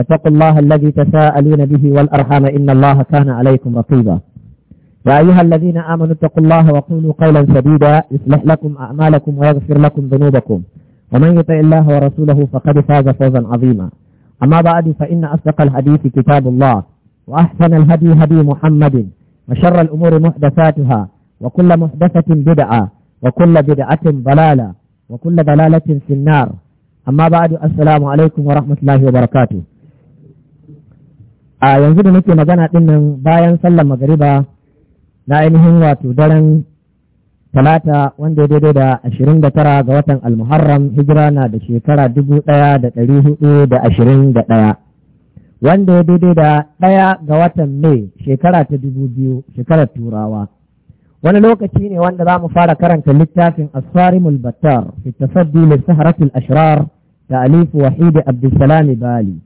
واتقوا الله الذي تساءلون به والأرحام إن الله كان عليكم رقيبا يا أيها الذين آمنوا اتقوا الله وقولوا قولا سديدا يصلح لكم أعمالكم ويغفر لكم ذنوبكم ومن يطع الله ورسوله فقد فاز فوزا عظيما أما بعد فإن أصدق الحديث كتاب الله وأحسن الهدي هدي محمد وشر الأمور محدثاتها وكل محدثة بدعة وكل بدعة ضلالة وكل ضلالة في النار أما بعد السلام عليكم ورحمة الله وبركاته a yanzu da nake magana din nan bayan sallar magariba na ainihin wato daren talata wanda ya daidai da ashirin da tara ga watan almuharram hijira na da shekara dubu ɗaya da ɗari hudu da ashirin da ɗaya wanda ya daidai da ɗaya ga watan mai shekara ta dubu biyu shekarar turawa wani lokaci ne wanda za mu fara karanta littafin asarimul battar fi tasaddi lil saharatul ta alifu wahidi Abdulsalami bali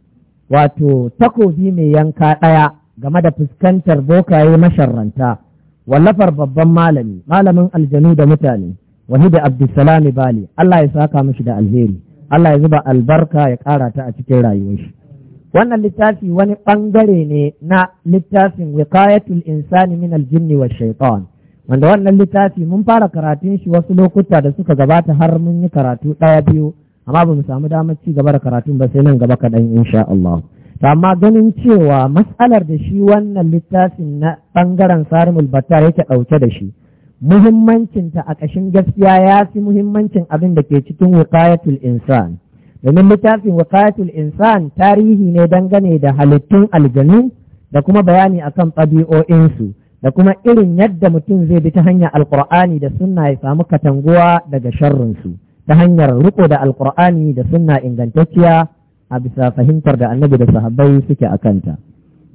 wato takobi mai yanka ɗaya game da fuskantar bokaye masharranta wallafar babban malami malamin aljanu da mutane wahida abdulsalami bali Allah ya saka mashi da alheri Allah ya zuba albarka ya ƙara ta a cikin rayuwar shi wannan littafi wani ɓangare ne na littafin wiqayatul insani min aljinni wa wanda wannan littafi mun fara karatun shi wasu lokuta da suka gabata har mun yi karatu ɗaya biyu amma ba mu samu damar ci gaba da karatun ba sai nan gaba kaɗan insha Allah to amma ganin cewa matsalar da shi wannan littafin na bangaren sarimul battar yake ɗauke da shi muhimmancinta a ƙashin gaskiya ya fi muhimmancin abin da ke cikin wiqayatul insan domin littafin wakatul insan tarihi ne dangane da halittun aljanu da kuma bayani akan ɗabi'o'insu da kuma irin yadda mutum zai bi ta hanyar alkur'ani da sunna ya samu katanguwa daga sharrinsu ta hanyar riko da alkur'ani da sunna ingantacciya a bisa fahimtar da annabi da sahabbai suke a kanta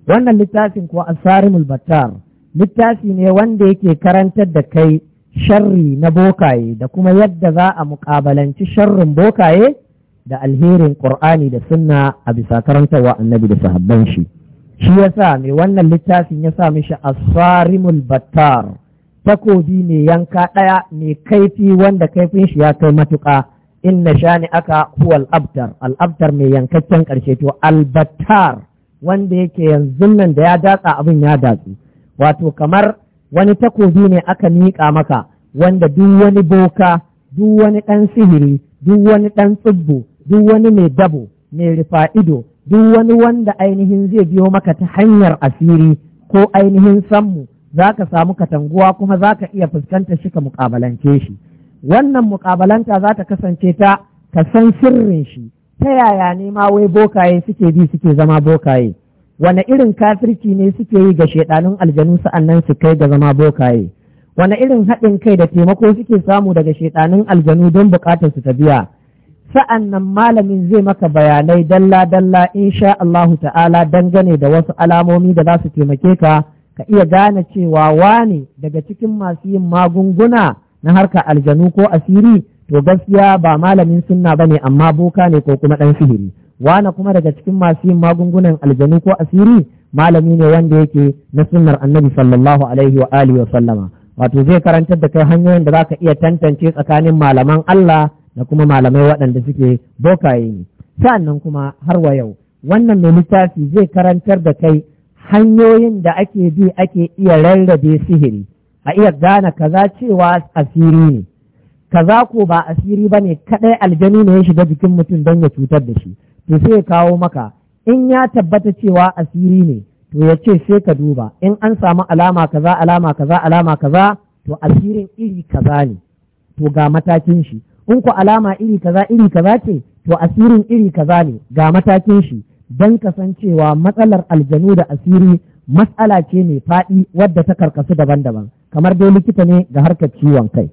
wannan littafin kuwa asarimul battar littafi ne wanda yake karantar da kai sharri na bokaye da kuma yadda za a muƙabalanci sharrin bokaye da alherin ƙur'ani da sunna a bisa karantarwa annabi da sahabban shi shi yasa mai wannan littafin ya sa mishi asarimul battar takobi ne yanka ɗaya mai kaifi wanda kaifin shi ya kai matuƙa inna shani aka huwa al'abtar al'abtar mai yankakken ƙarshe to albatar wanda yake yanzu nan da ya datsa abin ya datsu wato kamar wani takobi ne aka miƙa maka wanda duk wani boka duk wani ɗan sihiri duk wani ɗan tsibbu duk wani mai dabo mai rufa ido duk wani wanda ainihin zai biyo maka ta hanyar asiri ko ainihin sammu za ka samu katanguwa kuma za ka iya fuskantar shi ka muƙabalance shi wannan muƙabalanta za ta kasance ta ka san sirrin shi ta yaya ne ma wai bokaye suke bi suke zama bokaye wane irin kafirci ne suke yi ga shaidanun aljanu sa'annan su kai ga zama bokaye wane irin haɗin kai da taimako suke samu daga shaidanun aljanu don buƙatar su ta biya sa'annan malamin zai maka bayanai dalla dalla insha Allahu ta'ala dangane da wasu alamomi da za su taimake ka ka iya gane cewa wane daga cikin masu yin magunguna na harka aljanu ko asiri to gaskiya ba malamin sunna bane amma boka ne ko kuma dan sihiri wane kuma daga cikin masu yin magungunan aljanu ko asiri malami ne wanda yake na sunnar annabi sallallahu alaihi wa alihi wa sallama wato zai karantar da kai hanyoyin da zaka iya tantance tsakanin malaman Allah da kuma malamai waɗanda suke bokaye ne sa'annan kuma har wa yau wannan mai littafi zai karantar da kai hanyoyin da ake bi ake iya rarrabe sihiri a iya gane kaza cewa asiri ne kaza ko ba asiri ba ne kaɗai aljani ne ya shiga jikin mutum don ya cutar da shi to sai ya kawo maka in ya tabbata cewa asiri ne to ya ce sai ka duba in an samu alama kaza alama kaza alama kaza to asirin iri kaza ne to ga matakin shi in ku alama iri kaza iri kaza ce to asirin iri kaza ne ga matakin shi don kasancewa matsalar aljanu da asiri matsala ce mai faɗi wadda ta karkasu daban-daban kamar dai likita ne ga harkar ciwon kai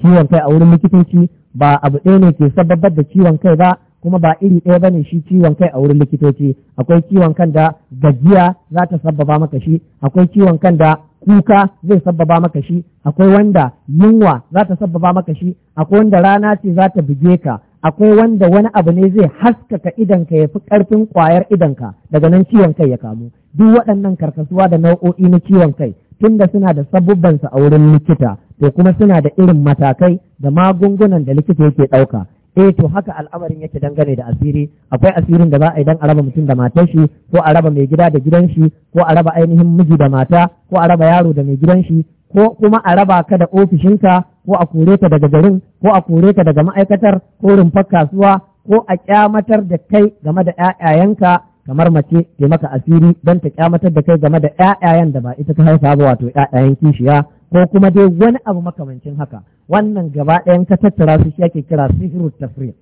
ciwon kai a wurin likitoci ba abu ɗaya ne ke sababbar da ciwon kai ba kuma ba iri ɗaya ba ne shi ciwon kai a wurin likitoci akwai ciwon kan da gajiya za ta sababa maka shi akwai ciwon kan da kuka zai sababa maka shi akwai wanda yunwa za ta sababa maka shi akwai wanda rana ce za ta buge ka akwai wanda wani abu ne zai haskaka idanka ya fi ƙarfin ƙwayar idanka daga nan ciwon kai ya kamu duk waɗannan karkasuwa da nau'o'i na ciwon kai tunda suna da sabubbansa a wurin likita to kuma suna da irin matakai da magungunan da likita yake ɗauka eh to haka al'amarin yake dangane da asiri akwai asirin da za a yi dan a raba mutum da matar shi ko a raba mai gida da gidan shi ko a raba ainihin miji da mata ko a raba yaro da mai gidan shi ko kuma a raba ka da ofishinka ko a kore ta daga garin ko a kore ta daga ma'aikatar ko rumfar kasuwa ko a kyamatar da kai game da ƴaƴayenka kamar mace ke maka asiri don ta kyamatar da kai game da ƴaƴayen da ba ita ta haifa ba wato ƴaƴayen kishiya ko kuma dai wani abu makamancin haka wannan gaba ɗayan ka tattara su shi ake kira sihiru tafriq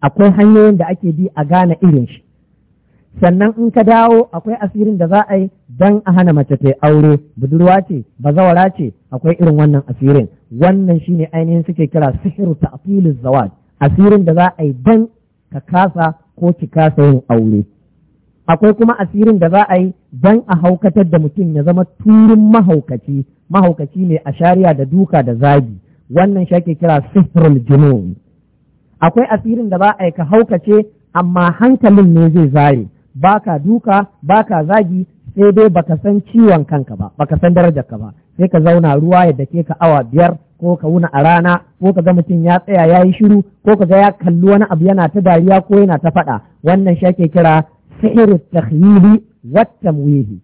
akwai hanyoyin da ake bi a gane irin shi sannan in ka dawo akwai asirin da za a yi don a hana mace ta aure budurwa ce bazawara ce akwai irin wannan asirin wannan shine ainihin suke kira sihiru ta'til zawaj asirin da za a yi don ka kasa ko ki kasa yin aure akwai kuma asirin da za a yi don a haukatar da mutum ya zama turin mahaukaci mahaukaci ne a shari'a da duka da zagi wannan shi ake kira sihirul junun akwai asirin da za a yi ka haukace amma hankalin ne zai zare baka duka baka zagi sai dai baka san ciwon kanka ba baka san darajar ka ba sai ka zauna ruwa ya dake ka awa biyar ko ka wuna a rana ko ka ga mutum ya tsaya ya yi shiru ko ka ga ya kalli wani abu yana ta dariya ko yana ta faɗa wannan shi ake kira sihiru takhyili wa tamwihi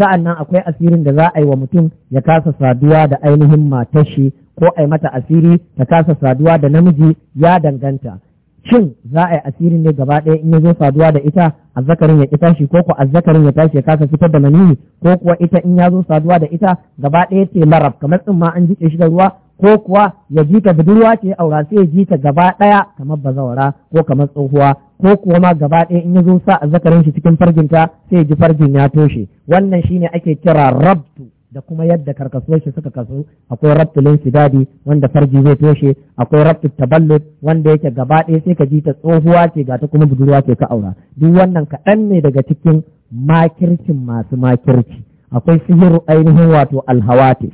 sa'an nan akwai asirin da za a yi wa mutum ya kasa saduwa da ainihin matar ko a yi mata asiri ta kasa saduwa da namiji ya danganta shin za a yi asirin ne gaba ɗaya in ya zo saduwa da ita zakarin ya tashi ko ko azzakarin ya tashi ya kasa fitar da maniyyi ko kuwa ita in ya zo saduwa da ita gaba ɗaya ce larab kamar tsin ma an jiƙe shi da ruwa ko kuwa ya ji ta budurwa ce aura sai ya ji ta gaba ɗaya kamar bazawara ko kamar tsohuwa ko kuwa ma gaba ɗaya in ya zo sa azzakarin shi cikin farginta sai ya ji fargin ya toshe wannan shine ake kira rabtu da kuma yadda karkasuwar shi suka kasu akwai rabtul sidadi wanda farji zai toshe akwai rabtul taballud wanda yake gaba ɗaya sai ka ji ta tsohuwa ce ga ta kuma budurwa ce ka aura duk wannan kaɗan ne daga cikin makircin masu makirci akwai sihiru ainihin wato alhawati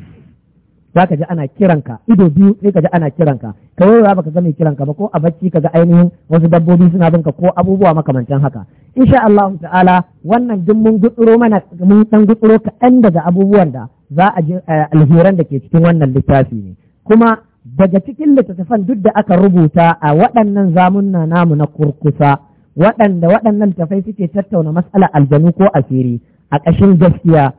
za ka ji ana kiranka ido biyu sai ka ji ana kiranka yi za baka ga mai kiranka ba ko a bacci ka ga ainihin wasu dabbobi suna binka ko abubuwa makamantan haka insha Allah ta'ala wannan duk mun gutsuro mana mun dan gutsuro kaɗan daga abubuwan da za a ji eh, alheran da ke cikin wannan littafi ne kuma daga cikin littattafan duk da aka rubuta a waɗannan zamunna namu na kurkusa waɗanda waɗannan tafai suke tattauna matsalar aljanu ko asiri a ƙashin gaskiya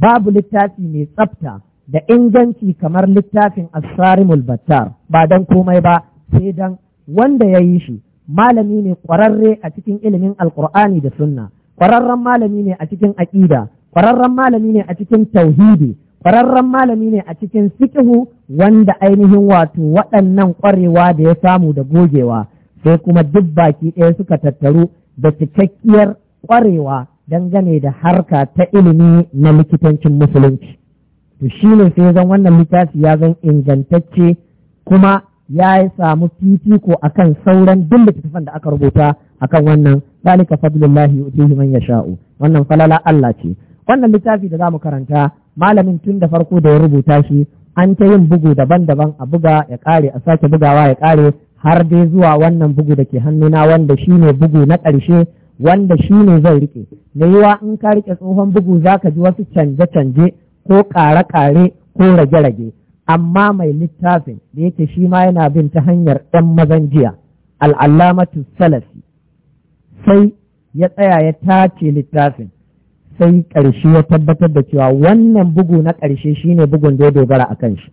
babu littafi mai tsafta da inganci kamar littafin asarimul battar ba don komai ba sai don wanda ya yi shi malami ne ƙwararre a cikin ilimin alkur'ani da sunna kwararren malami ne a cikin aƙida kwararren malami ne a cikin tauhidi kwararren malami ne a cikin sikihu wanda ainihin wato waɗannan ƙwarewa da ya samu da gogewa sai kuma duk baki ɗaya suka tattaru da cikakkiyar ƙwarewa dangane da harka ta ilimi na likitancin musulunci to shi ne sai zan wannan littafi ya zan ingantacce kuma ya samu fifiko akan sauran duk littattafan da aka rubuta akan wannan zalika fadlullahi yu'tihi man yasha'u wannan falala Allah ce wannan littafi da zamu karanta malamin tun da farko da ya rubuta shi an ta yin bugu daban-daban a buga ya kare a sake bugawa ya kare har dai zuwa wannan bugu da ke hannuna wanda shine bugu na ƙarshe wanda shine zai rike da yiwa in ka rike tsohon bugu zaka ji wasu canje-canje ko ƙare-ƙare ko rage-rage amma mai littafin da yake shi ma yana bin ta hanyar ɗan mazan jiya al'allamatu salafi Sai ya tsaya ya tace littafin sai ƙarshe ya tabbatar da cewa wannan bugu na ƙarshe shine bugun da ya dogara a kan shi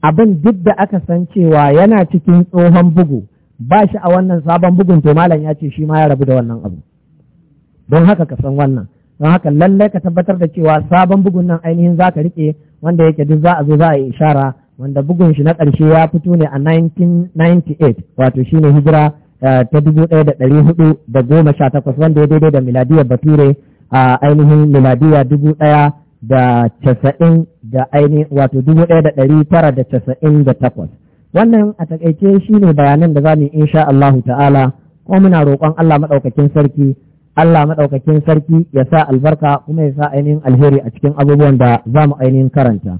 abin duk da aka san cewa yana cikin tsohon bugu ba shi a wannan sabon bugun to malam ya ce shi ma ya rabu da wannan abu don haka ka san wannan don haka lallai ka tabbatar da cewa sabon bugun nan ainihin za ka riƙe wanda yake duk za a zo za a yi ishara wanda bugun shi na ƙarshe ya fito ne a 1998 wato shine hijira ta dubu ɗaya da ɗari hudu da goma sha takwas wanda ya daidai da miladiyar bature a ainihin miladiya dubu ɗaya da casa'in da ainihin wato dubu ɗaya da ɗari tara da casa'in da takwas wannan a takaice shi ne bayanan da za mu insha Allahu ta'ala kuma muna roƙon Allah maɗaukakin sarki Allah maɗaukakin sarki ya sa albarka kuma ya sa ainihin alheri a cikin abubuwan da za mu ainihin karanta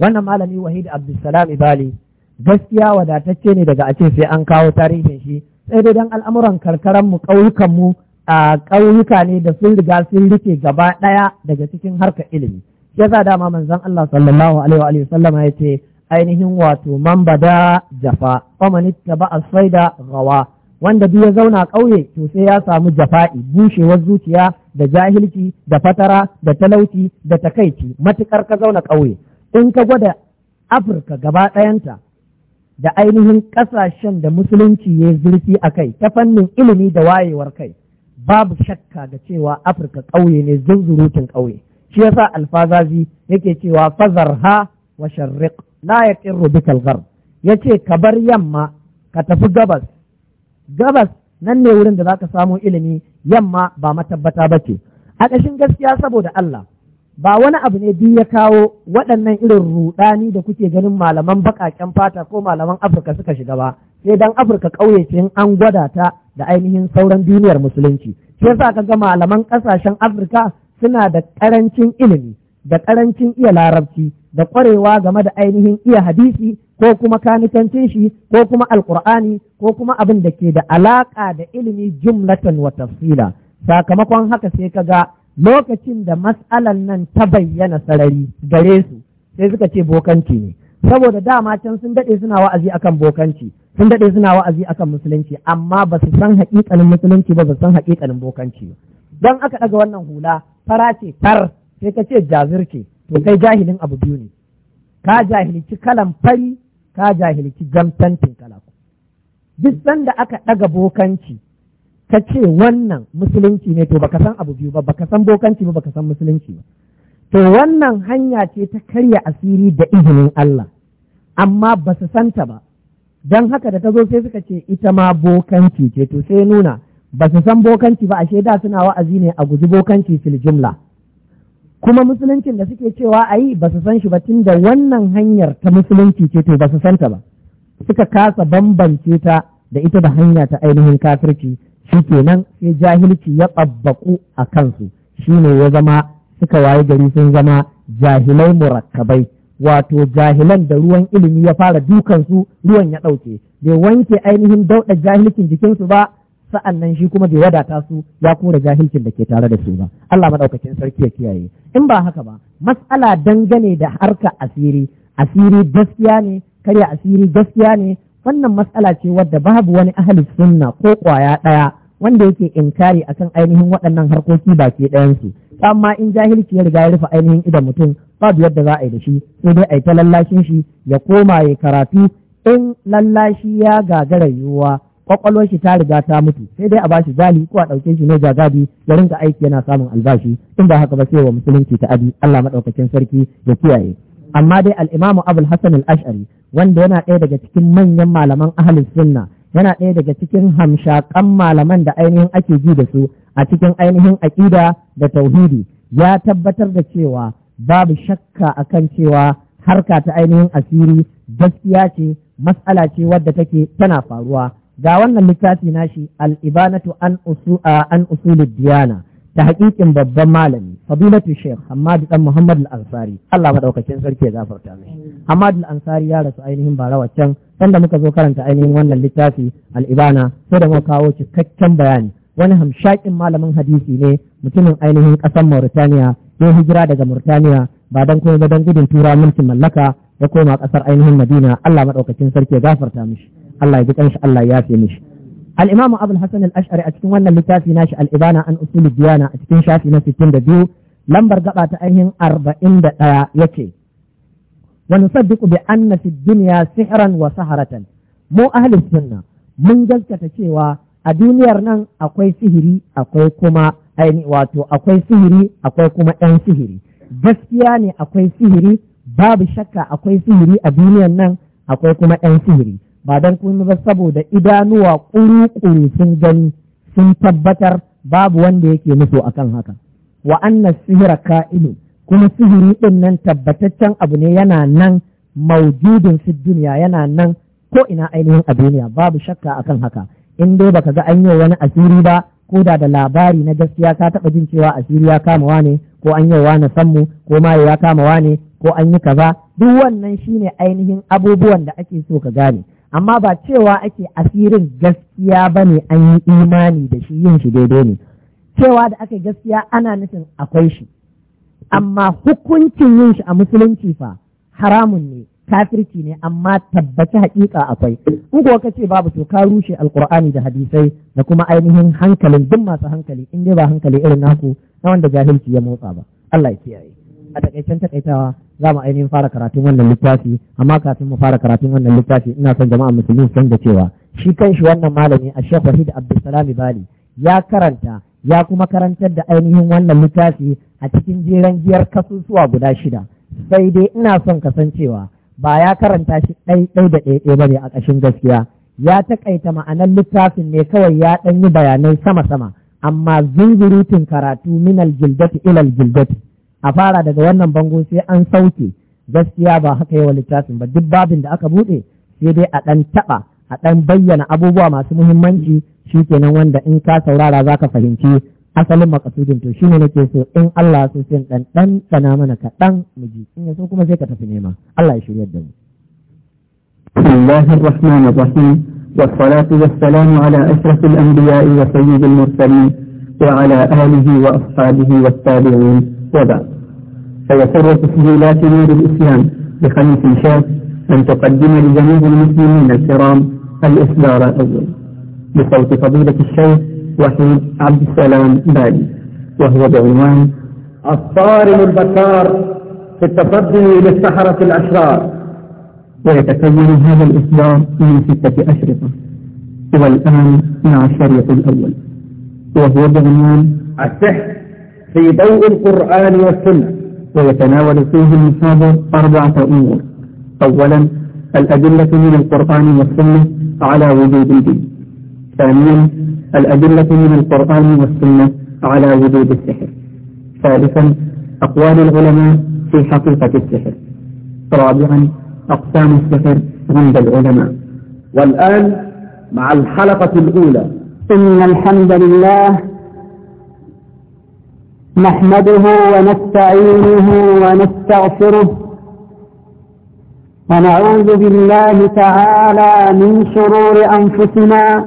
wannan malami wahid abdulsalam ibali gaskiya wadatacce ne daga a ce sai an kawo tarihin shi sai dai dan al'amuran ƙauyukan mu a ƙauyuka ne da sun riga sun rike gaba ɗaya daga cikin harka ilimi yasa dama manzon Allah sallallahu alaihi wa sallama ya ce ainihin wato man bada jafa man ittaba as gawa wanda duk ya zauna ƙauye to sai ya samu jafa'i bushewar zuciya da jahilci da fatara da talauci da takaici matukar ka zauna ƙauye in ka gwada Afirka gaba ɗayanta da ainihin ƙasashen da musulunci ya zurfi a kai ta fannin ilimi da wayewar kai babu shakka da cewa afirka ƙauye ne zunzurutun ƙauye shi yasa alfazazi yake cewa fazarha wa sharriq la yaqirru bika al yace ka bar yamma ka tafi gabas gabas nan ne wurin da zaka samu ilimi yamma ba matabbata bace a ƙashin gaskiya saboda Allah ba wani abu ne duk ya kawo waɗannan irin rudani da kuke ganin malaman baƙaƙen fata ko malaman afirka suka shiga ba sai dan afirka ƙauye ce an gwada ta da ainihin sauran duniyar musulunci shi yasa ka ga malaman ƙasashen afirka suna da ƙarancin ilimi da ƙarancin iya larabci da ƙwarewa game da ainihin iya hadisi ko kuma kanikancin shi ko kuma alƙur'ani ko kuma abin da ke da alaƙa da ilimi jumlatan wa tafsila sakamakon haka sai ka ga lokacin da matsalan nan ta bayyana sarari gare su sai suka ce bokanci ne saboda dama can sun daɗe suna wa'azi akan bokanci sun daɗe suna wa'azi akan musulunci amma ba su san haƙiƙanin musulunci ba ba su san haƙiƙanin bokanci don aka ɗaga wannan hula fara ce tar sai ka ce jazirce to kai jahilin abu biyu ne ka jahilci kalan fari ka jahilci jamtantin kalaku duk sanda aka ɗaga bokanci ka ce wannan musulunci ne to baka san abu biyu ba baka san bokanci ba baka san musulunci ba to wannan hanya ce ta karya asiri da izinin Allah amma ba su santa ba don haka da ta zo sai suka ce ita ma bokanci ce to sai nuna ba su san bokanci ba ashe da suna wa'azi ne a guji bokanci fil jumla kuma musuluncin da suke cewa a yi ba su san shi ba tunda wannan hanyar ta musulunci ce to ba su santa ba suka kasa bambance ta da ita da hanya ta ainihin kafirci shi kenan sai jahilci ya ɓabbaƙu a kansu shi ne ya zama suka waye gari sun zama jahilai murakkabai wato jahilan da ruwan ilimi ya fara dukansu ruwan ya ɗauke bai wanke ainihin dauɗa jahilcin jikinsu ba sa'an nan shi kuma bai wadata su ya kora jahilcin da ke tare da su ba Allah maɗaukakin sarki ya kiyaye in ba haka ba mas'ala dangane da harka asiri asiri gaskiya ne karya asiri gaskiya ne wannan matsala ce wadda babu wani ahli sunna ko kwaya ɗaya wanda yake inkari akan ainihin waɗannan harkoki baki ɗayansu amma in jahilci ya riga ya rufe ainihin idan mutum babu yadda za a yi da shi sai dai a yi ta lallashin shi ya koma ya karatu in lallashi ya gagara yiwuwa kwakwalwar shi ta riga ta mutu sai dai a bashi zali ko a ɗauke shi ne jagadi ya rinka aiki yana samun albashi in ba haka ba sai wa musulunci ta abi Allah maɗaukacin sarki ya kiyaye amma dai al-Imam Abul Hasan al-Ash'ari wanda yana ɗaya daga cikin manyan malaman ahalin sunna yana ɗaya daga cikin hamshaƙan malaman da ainihin ake ji da su a cikin ainihin aƙida da tauhidi ya tabbatar da cewa babu shakka a kan cewa harka ta ainihin asiri gaskiya ce matsala ce wadda take tana faruwa ga wannan littafi nashi al-ibanatu an an usulid diyana ta haƙiƙin babban malami fadilatu sheikh Hamadu dan Muhammad al-Ansari Allah maɗaukacin sarki ya gafarta mai amma ansari ya rasu ainihin bara waccan sanda muka zo karanta ainihin wannan littafi al'ibana sai da muka kawo cikakken bayani wani hamshakin malamin hadisi ne mutumin ainihin ƙasar mauritaniya ya hijira daga mauritaniya ba don kuma don gudun tura mulkin mallaka ya koma ƙasar ainihin madina allah maɗaukacin sarki ya gafarta mishi allah ya ji ƙanshi allah ya fi mishi الإمام أبو الحسن الأشعري أتكون al'ibana an تافي ناشي الإبانة عن أصول الديانة أتكون شافي نفسي lambar ديو ta قطعة أيهن أربعين دقايا يكي wa nusaddiqu bi anna fi dunya sihran wa saharatan mu ahli sunna mun gaskata cewa a duniyar nan akwai sihiri akwai kuma aini wato akwai sihiri akwai kuma ɗan sihiri gaskiya ne akwai sihiri babu shakka akwai sihiri a duniyar nan akwai kuma ɗan sihiri ba don kuma ba saboda idanuwa ƙuru-ƙuru sun gani sun tabbatar babu wanda yake musu akan haka wa annas sihira ka'ilu kuma sihiri ɗin nan tabbataccen abu ne yana nan maujudin fi duniya yana nan ko ina ainihin a duniya babu shakka akan haka in dai baka ga an yi wani asiri ba ko da da labari na gaskiya ka taɓa jin cewa asiri ya kama wane ko an yi wane sammu ko maye ya kama wane ko an yi kaza duk wannan shine ainihin abubuwan da ake so ka gane amma ba cewa ake asirin gaskiya ba ne an yi imani da shi yin shi daidai ne cewa da aka gaskiya ana nufin akwai shi amma hukuncin yin shi a musulunci fa haramun ne kafirci ne amma tabbaci hakika akwai in kuwa ce babu to ka rushe Alƙur'ani da hadisai da kuma ainihin hankalin duk masu hankali in dai ba hankali irin naku na wanda jahilci ya motsa ba Allah ya kiyaye a takaicen takaitawa za mu ainihin fara karatun wannan littafi amma kafin mu fara karatun wannan littafi ina son jama'a musulmi san da cewa shi kanshi wannan malami a Sheikh Wahid Abdulsalam Bali ya karanta ya kuma karantar da ainihin wannan littafi a cikin jiran giyar kasusuwa guda shida sai dai ina son kasancewa ba ya karanta shi ɗai ɗai da ɗaiɗai ba ne a ƙashin gaskiya ya taƙaita ma'anar littafin ne kawai ya ɗan yi bayanai sama-sama amma zunzurutun karatu minal gildati ilal gildati a fara daga wannan bangon sai an sauke gaskiya ba haka yawa littafin ba duk babin da aka buɗe sai dai a ɗan taɓa a ɗan bayyana abubuwa masu muhimmanci shi kenan wanda in ka saurara za ka fahimci asalin makasudin to shine nake so in Allah so sai dan dan tsana mana kaɗan miji in yaso kuma sai ka tafi nema Allah ya shirya da mu Bismillahir Rahmanir Rahim والصلاة والسلام على أشرف الأنبياء وسيد المرسلين وعلى آله وأصحابه والتابعين وبعد فيسر تسجيلات نور الإسلام بخمس شاب أن تقدم لجميع المسلمين الكرام الإصدار الأول بصوت فضيلة الشيخ وحيد عبد السلام بالي وهو بعنوان الصارم البكار في التصدي للسحرة الأشرار ويتكون هذا الإصدار من ستة أشرطة والآن مع الشريط الأول وهو بعنوان السحر في ضوء القرآن والسنة ويتناول فيه المحاضر أربعة أمور أولا الأدلة من القرآن والسنة على وجود الدين ثانيا الأدلة من القرآن والسنة على وجود السحر ثالثا أقوال العلماء في حقيقة السحر رابعا أقسام السحر عند العلماء والآن مع الحلقة الأولى إن الحمد لله نحمده ونستعينه ونستغفره ونعوذ بالله تعالى من شرور أنفسنا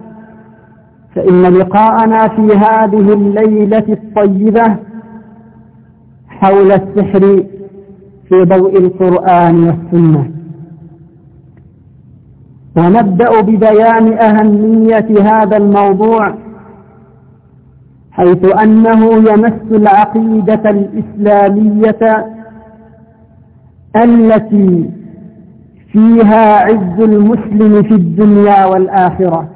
فإن لقاءنا في هذه الليلة الطيبة حول السحر في ضوء القرآن والسنة ونبدأ ببيان أهمية هذا الموضوع حيث أنه يمس العقيدة الإسلامية التي فيها عز المسلم في الدنيا والآخرة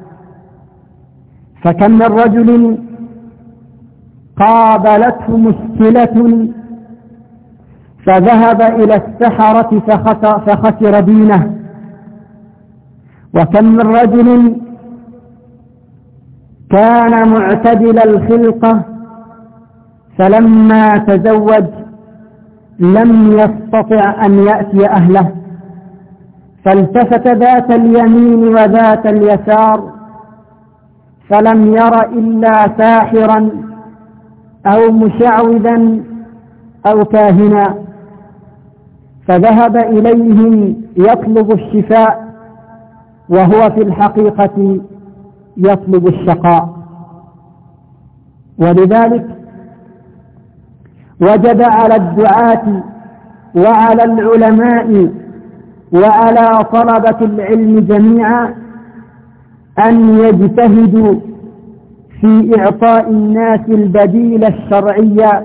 فكم من رجل قابلته مشكلة فذهب إلى السحرة فخسر, دينه وكم من رجل كان معتدل الخلقة فلما تزوج لم يستطع أن يأتي أهله فالتفت ذات اليمين وذات اليسار فلم ير إلا ساحرا أو مشعوذا أو كاهنا فذهب إليهم يطلب الشفاء وهو في الحقيقة يطلب الشقاء ولذلك وجب على الدعاة وعلى العلماء وعلى طلبة العلم جميعا أن يجتهدوا في إعطاء الناس البديل الشرعي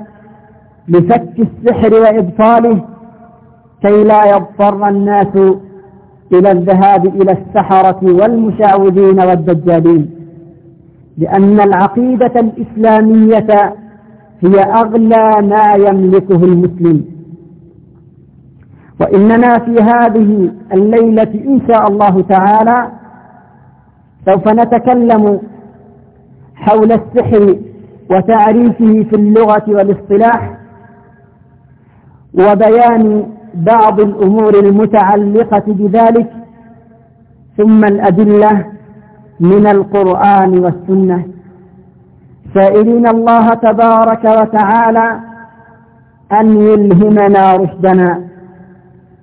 لفك السحر وإبطاله كي لا يضطر الناس إلى الذهاب إلى السحرة والمشعوذين والدجالين لأن العقيدة الإسلامية هي أغلى ما يملكه المسلم وإننا في هذه الليلة إن شاء الله تعالى سوف نتكلم حول السحر وتعريفه في اللغة والاصطلاح وبيان بعض الأمور المتعلقة بذلك ثم الأدلة من القرآن والسنة سائلين الله تبارك وتعالى أن يلهمنا رشدنا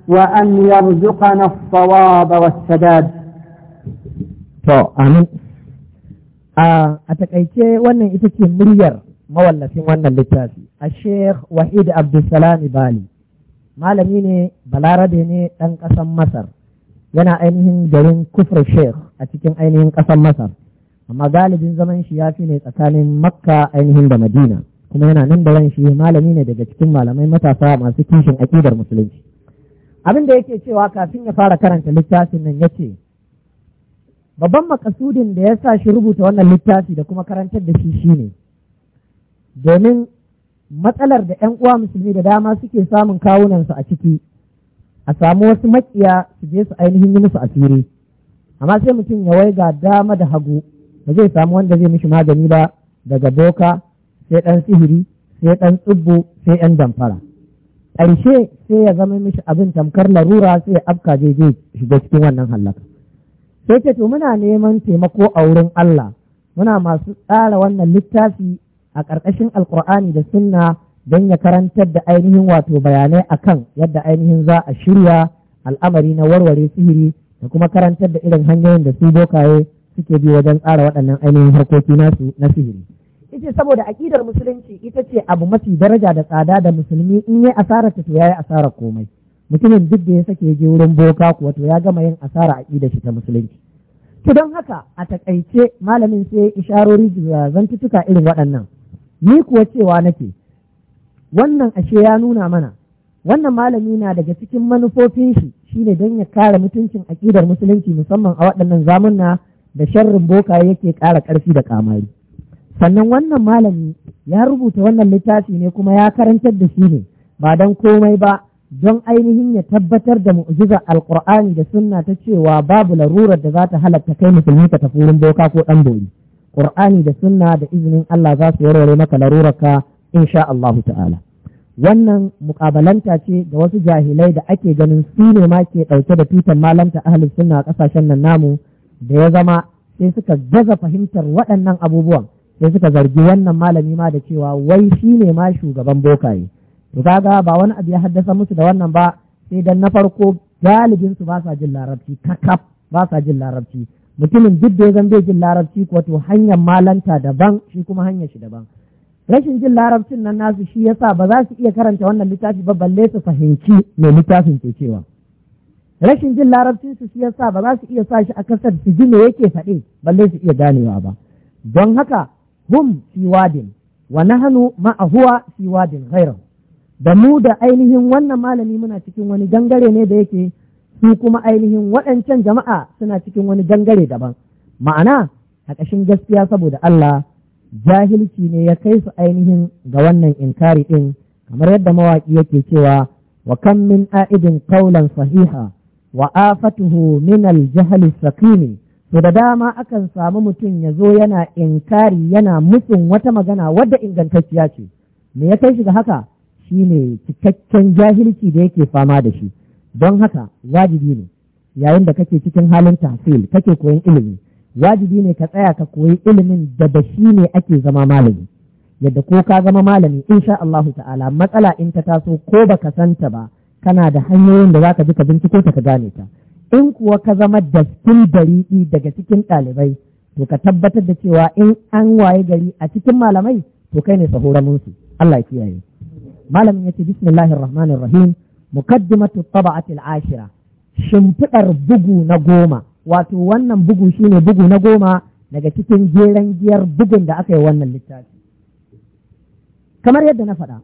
وأن يرزقنا الصواب والسداد To, amin. A takaice wannan ita ce muryar mawallafin wannan littafi, a Sheikh Wahid Abdulsalami Bali, malami ne balarabe ne ɗan ƙasan Masar, yana ainihin garin kufur Sheikh a cikin ainihin ƙasan Masar, amma galibin zaman shi ya fi ne tsakanin Makka ainihin da Madina, kuma yana nan da ran shi malami ne daga cikin malamai matasa masu kishin akidar musulunci. Abin da yake cewa kafin ya fara karanta littafin nan yace ce, babban makasudin da ya sa shi rubuta wannan littafi da kuma karantar da shi shine domin matsalar da 'yan uwa musulmi da dama suke samun kawunansu a ciki a samu wasu makiya su je su ainihin yi musu asiri amma sai mutum ya waiga dama da hagu ba zai samu wanda zai mishi magani ba daga boka sai ɗan sihiri sai ɗan tsibbo sai ɗan damfara ƙarshe sai ya zama mishi abin tamkar larura sai ya afka je je shiga cikin wannan hallaka sai ce to muna neman taimako a wurin Allah muna masu tsara wannan littafi a ƙarƙashin alƙur'ani da sunna don ya karantar da ainihin wato bayanai akan yadda ainihin za a shirya al'amari na warware sihiri da kuma karantar da irin hanyoyin da su bokaye suke bi wajen tsara waɗannan ainihin harkoki nasu na sihiri. Ice saboda aƙidar musulunci ita ce abu mafi daraja da tsada da musulmi in yi asarar ta to yayi asarar komai. mutumin duk da ya sake je wurin boka kuwa to ya gama yin asara a ƙida shi ta musulunci to don haka a takaice malamin sai ya isharori da zantuttuka irin waɗannan ni kuwa cewa nake wannan ashe ya nuna mana wannan malami na daga cikin manufofin shi shine don ya kare mutuncin aƙidar musulunci musamman a waɗannan zamunna da sharrin boka yake ƙara ƙarfi da kamari sannan wannan malami ya rubuta wannan littafi ne kuma ya karantar da shi ne ba don komai ba don ainihin ya tabbatar da mu'jizar Alƙur'ani da sunna ta cewa babu larurar da za ta halatta kai musulmi ka tafi wurin boka ko ɗan bori qur'ani da sunna da izinin Allah za su warware maka larurarka insha Allahu ta'ala wannan mukabalanta ce ga wasu jahilai da ake ganin su ne ma ke ɗauke da tutan malamta ahalin sunna a ƙasashen nan namu da ya zama sai suka gaza fahimtar waɗannan abubuwan sai suka zargi wannan malami ma da cewa wai shi ne ma shugaban bokaye to ba wani abu ya haddasa musu da wannan ba sai dan na farko galibin su ba sa jin larabci kakaf ba sa jin larabci mutumin duk da zan bai jin larabci ko to hanyar malanta daban shi kuma hanyar shi daban rashin jin larabcin nan nasu shi yasa ba za su iya karanta wannan littafi ba balle su fahimci mai littafin ke cewa rashin jin larabcin su shi yasa ba za su iya sa shi a kasar su ji me yake faɗe balle su iya ganewa ba don haka hum fi wadin wa nahnu ma huwa fi wadin ghayrahu da mu da ainihin wannan malami muna cikin wani gangare ne da yake su kuma ainihin waɗancan jama'a suna cikin wani gangare daban ma'ana a ƙashin gaskiya saboda Allah jahilci ne ya kai su ainihin ga wannan inkari ɗin kamar yadda mawaƙi yake cewa wa kan min a'idin kaulan sahiha wa afatuhu min al-jahl sakini to da dama akan samu mutum ya zo yana inkari yana mutum wata magana wadda ingantacciya ce me ya kai shi ga haka shine cikakken jahilci da yake fama da shi don haka wajibi ne yayin da kake cikin halin tahsil kake koyon ilimi wajibi ne ka tsaya ka koyi ilimin da da shi ne ake zama malami yadda ko ka zama malami insha Allahu ta'ala matsala in ta taso ko baka ta ba kana da hanyoyin da zaka bi ka binciko ta ka gane ta in kuwa ka zama dastin dariɗi daga cikin ɗalibai to ka tabbatar da cewa in an waye gari a cikin malamai to kai ne sahoraminsu Allah ya kiyaye malamin ya ce bismillahir rahmanir rahim muqaddimatu tab'ati al-ashira shimfidar bugu na goma wato wannan bugu shine bugu na goma daga cikin jeren giyar bugun da aka yi wannan littafi kamar yadda na faɗa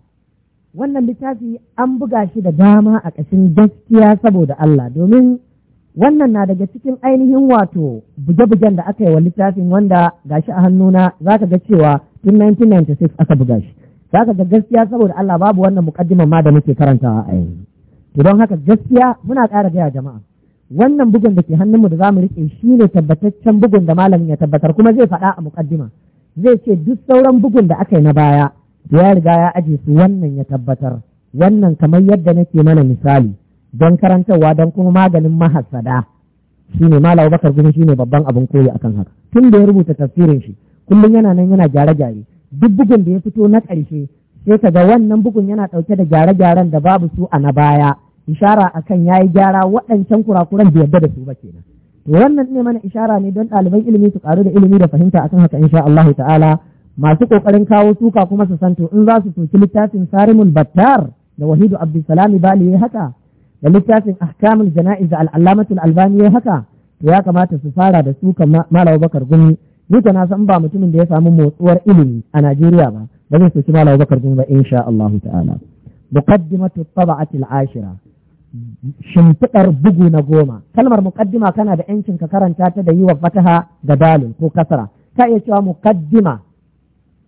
wannan littafi an buga shi da dama a ƙashin gaskiya saboda Allah domin wannan na daga cikin ainihin wato buge-bugen da aka yi wa littafin wanda gashi a hannuna za ka ga cewa tun 1996 aka buga shi zaka ga gaskiya saboda Allah babu wannan mukaddimar ma da muke karantawa a yanzu to don haka gaskiya muna ƙara gaya jama'a wannan bugun da ke hannunmu da zamu shi ne tabbataccen bugun da malamin ya tabbatar kuma zai faɗa a mukaddima zai ce duk sauran bugun da aka yi na baya ya riga ya aje su wannan ya tabbatar wannan kamar yadda nake mana misali don karantarwa don kuma maganin mahasada Shi ne malam Bakar Gumi ne babban abin koyi akan haka tun da ya rubuta tafsirin shi kullum yana nan yana gyare-gyare duk bugun da ya fito na ƙarshe sai ka ga wannan bugun yana ɗauke da gyare-gyaren da babu su a na baya ishara akan yayi gyara waɗancan kurakuran da yarda da su ba kenan to wannan ne mana ishara ne don ɗaliban ilimi su ƙaru da ilimi da fahimta akan haka insha Allah ta'ala masu ƙoƙarin kawo suka kuma su to in za su soki littafin Sarimul Battar da Wahidu Abdulsalami Bali ya haka da littafin Ahkamul Jana'iz al Al'allamatul Albani ya haka to ya kamata su fara da su sukan Malam Bakar Gumi ni ko na san ba mutumin da ya samu motsuwar ilimi a Najeriya ba ba zai soki Malam Abubakar Gumi ba insha Allah ta'ala muqaddimatu tab'ati al-ashira shimfidar bugu na goma kalmar muqaddima kana da yancin ka karanta ta da yi wa fataha da dalil ko kasra ka iya cewa muqaddima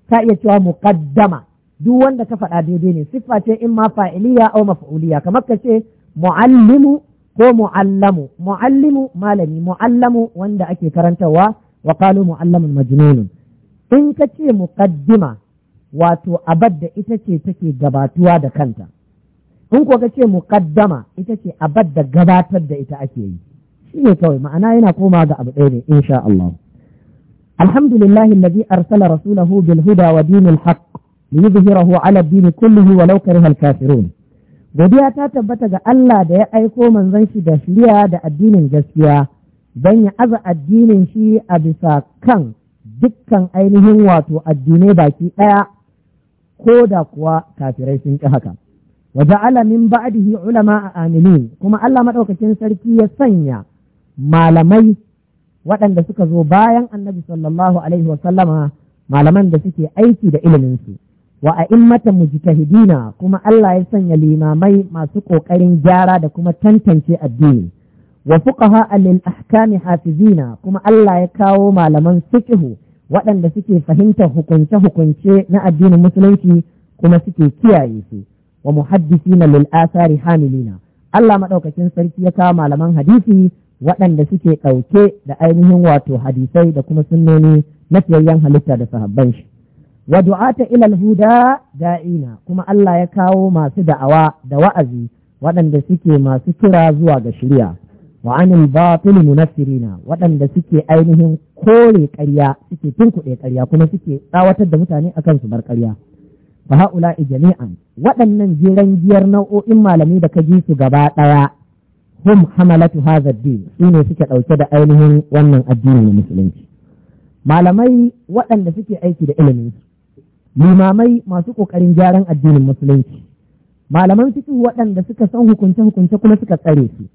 ka iya cewa muqaddama duk wanda ka faɗa daidai ne siffa ce in ma fa'iliya au mafa'uliya kamar ka ce mu'allimu ko mu'allamu mu'allimu malami mu'allamu wanda ake karantarwa wa qalu mu'allamun in ka ce muqaddima wato abad da ita ce take gabatuwa da kanta in ko ka ce muqaddama ita ce abad da gabatar da ita ake yi Shi ne kawai ma'ana yana koma ga abu ɗaya ne insha Allah alhamdulillah alladhi arsala rasulahu bil huda wa dinil haqq liyuzhirahu ala ad-din kullihi walau kariha al godiya ta tabbata ga Allah da ya aiko manzon shi da shiriya da addinin gaskiya don ya aza addinin shi a bisa kan dukkan ainihin wato addinai baki ɗaya ko da kuwa kafirai sun ƙi haka. Wa ja'ala min ba'dihi ulama a aminin kuma Allah maɗaukacin sarki ya sanya malamai waɗanda suka zo bayan annabi sallallahu alaihi wa sallama malaman da suke aiki da iliminsu. Wa a immata mujtahidina kuma Allah ya sanya limamai masu ƙoƙarin gyara da kuma tantance addini. wa fuqaha lil ahkami hafizina kuma Allah ya kawo malaman fiqhu waɗanda suke fahimtar hukunce-hukunce na addinin musulunci kuma suke kiyaye su wa muhaddisina lil asari hamilina Allah maɗaukacin sarki ya kawo malaman hadisi waɗanda suke ɗauke da ainihin wato hadisai da kuma sunnoni na fiyayyen halitta da sahabban shi wa ta ilal huda da'ina kuma Allah ya kawo masu da'awa da wa'azi waɗanda suke masu kira zuwa ga shari'a wa anil batil waɗanda suke ainihin kore ƙarya suke tunkuɗe ƙarya kuma suke tsawatar da mutane akan su bar ƙarya fa haula jami'an waɗannan jiran giyar nau'o'in malami da ka ji su gaba ɗaya hum hamalatu Hazard din su ne suke ɗauke da ainihin wannan addini na musulunci malamai waɗanda suke aiki da ilimin limamai masu ƙoƙarin gyaran addinin musulunci malaman fiqh waɗanda suka san hukunce hukunce kuma suka tsare su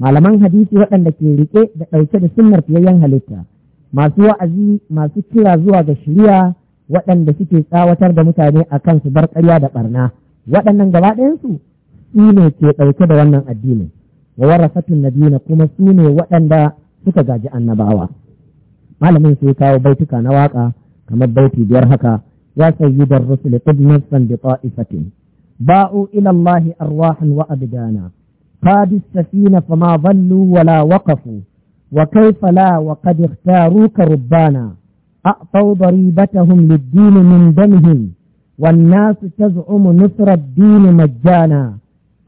malaman hadisi waɗanda ke riƙe da ɗauke da sunnar fiyayyen halitta masu wa'azi masu kira zuwa ga shirya waɗanda suke tsawatar da mutane a kan su bar ƙarya da ɓarna waɗannan gaba ɗayansu su ne ke ɗauke da wannan addinin wa warasatun nabiyina kuma su ne waɗanda suka gaji annabawa malamin sai kawo baituka na waƙa kamar baiti biyar haka ya sayi da rusul qad nafsan bi ta'ifatin ba'u ila allahi arwahan wa abdana قاد السفينة فما ظلوا ولا وقفوا وكيف لا وقد اختاروك ربانا أعطوا ضريبتهم للدين من دمهم والناس تزعم نصر الدين مجانا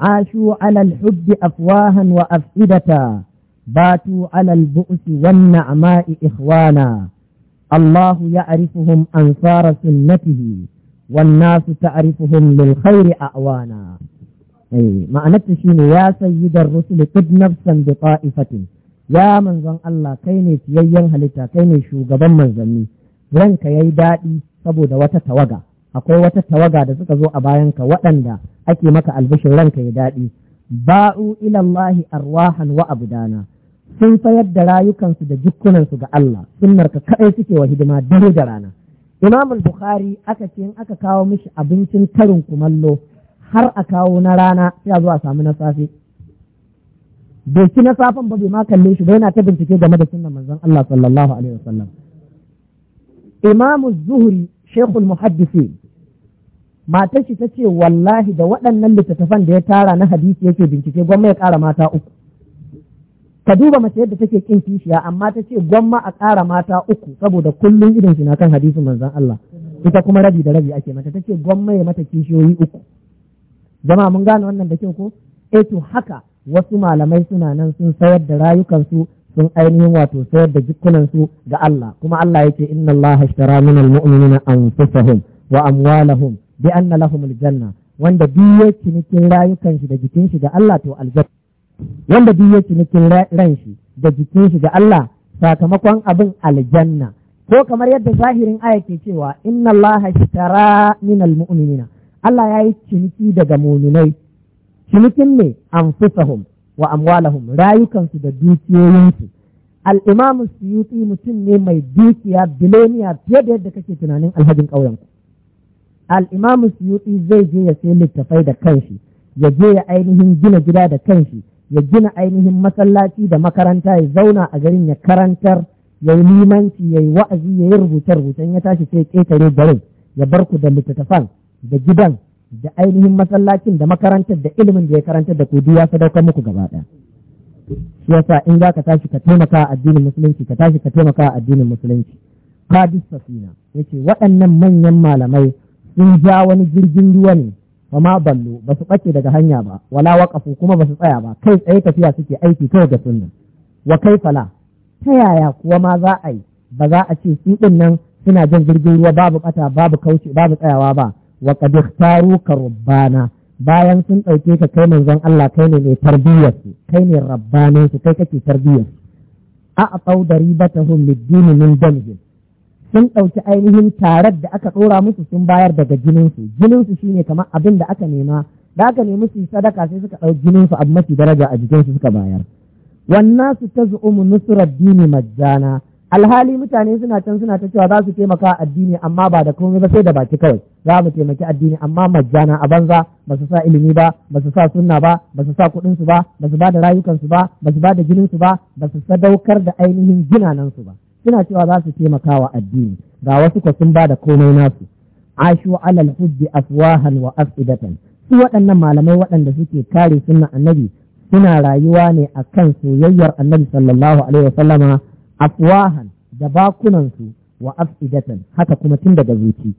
عاشوا على الحب أفواها وأفئدة باتوا على البؤس والنعماء إخوانا الله يعرفهم أنصار سنته والناس تعرفهم للخير أعوانا eh ma'anarta shine ya sayyidar rusul qad nafsan bi qa'ifatin ya manzon Allah kai ne fiyayyen halitta kai ne shugaban manzanni ranka yayi daɗi saboda wata tawaga akwai wata tawaga da suka zo a bayanka waɗanda ake maka albishin ranka ya daɗi ba'u ilallahi arwahan wa abudana sun sayar da rayukansu da jikunansu ga Allah sunnar ka kaɗai suke wa hidima dare da rana imam bukhari aka ce in aka kawo mishi abincin karin kumallo har a kawo na rana sai a zuwa a samu na safe bai ci na safen ba bai ma kalle shi ba yana ta bincike game da sunan manzon Allah sallallahu alaihi wasallam imamu zuhri Sheikhul muhaddisi matar shi ta ce wallahi da waɗannan littattafan da ya tara na hadisi yake bincike gwamma ya ƙara mata uku ka duba mace yadda take kin kishiya amma ta ce gwamma a ƙara mata uku saboda kullum idon shi na kan hadisin manzon Allah ita kuma rabi da rabi ake mata ta ce gwamma ya mata kishiyoyi uku jama'a mun gane wannan da kyau ko E, to haka wasu malamai suna nan sun sayar da rayukansu sun ainihin wato sayar da jikunansu ga Allah kuma Allah yake inna Allah ashtara min almu'minina anfusahum wa amwalahum bi anna lahum aljanna wanda duk ya cinikin rayukan shi da jikin shi ga Allah to aljanna wanda duk ya cinikin ran shi da jikin shi ga Allah sakamakon abin aljanna ko kamar yadda zahirin aya ke cewa inna Allah ashtara min almu'minina Allah ya yi ciniki daga muminai cinikin ne anfusahum wa amwalahum rayukansu da dukiyoyinsu al'imamu suyuti mutum ne mai dukiya biloniya fiye da yadda kake tunanin alhajin ƙauyenku al'imamu suyuti zai je ya sai littafai da kanshi ya je ya ainihin gina gida da kanshi ya gina ainihin masallaci da makaranta ya zauna a garin ya karantar ya yi limanci ya yi wa'azi ya yi rubuce-rubucen ya tashi sai ƙetare garin ya bar ku da littattafan da gidan da ainihin masallacin da makarantar da ilimin da ya karantar da kudu ya sadaukar muku gaba ɗaya shi yasa in za ka tashi ka taimaka a addinin musulunci ka tashi ka taimaka a addinin musulunci Qadis Safina ce waɗannan manyan malamai sun ja wani jirgin ruwa ne ma ballo ba su ɓace daga hanya ba wala waƙafu kuma ba su tsaya ba kai tsaye tafiya suke aiki kawai ga sunna wa kai fala ta yaya kuwa ma za a yi ba za a ce su ɗin nan suna jan jirgin ruwa babu ɓata babu kauce babu tsayawa ba wa qad ka rubbana bayan sun ɗauke ka kai manzon Allah kai ne mai tarbiyyar su kai ne rabbanin su kai kake tarbiyyar su a aqau daribatahum lid-din min damhim sun ɗauki ainihin tarar da aka ɗora musu sun bayar daga jininsu jininsu shine kamar abin da aka nema da aka nemi su sadaka sai suka ɗau jininsu abu mafi daraja a jikinsu suka bayar wannan su ta zu'umu nusurar dini majjana alhali mutane suna can suna ta cewa za su taimaka addini amma ba da komai ba sai da baki kawai za mu taimaki addini amma majjana a banza ba su sa ilimi ba ba su sa sunna ba ba su sa kuɗin su ba ba su ba da rayukansu ba ba su ba da jinin su ba ba su sadaukar da ainihin ginanan su ba suna cewa za su taimaka wa addini ga wasu ko sun ba da komai nasu ashu alal hujji afwahan wa afidatan su waɗannan malamai waɗanda suke kare sunna annabi suna rayuwa ne akan soyayyar annabi sallallahu alaihi wasallama afwahan da bakunansu wa afidatan haka kuma tun daga zuci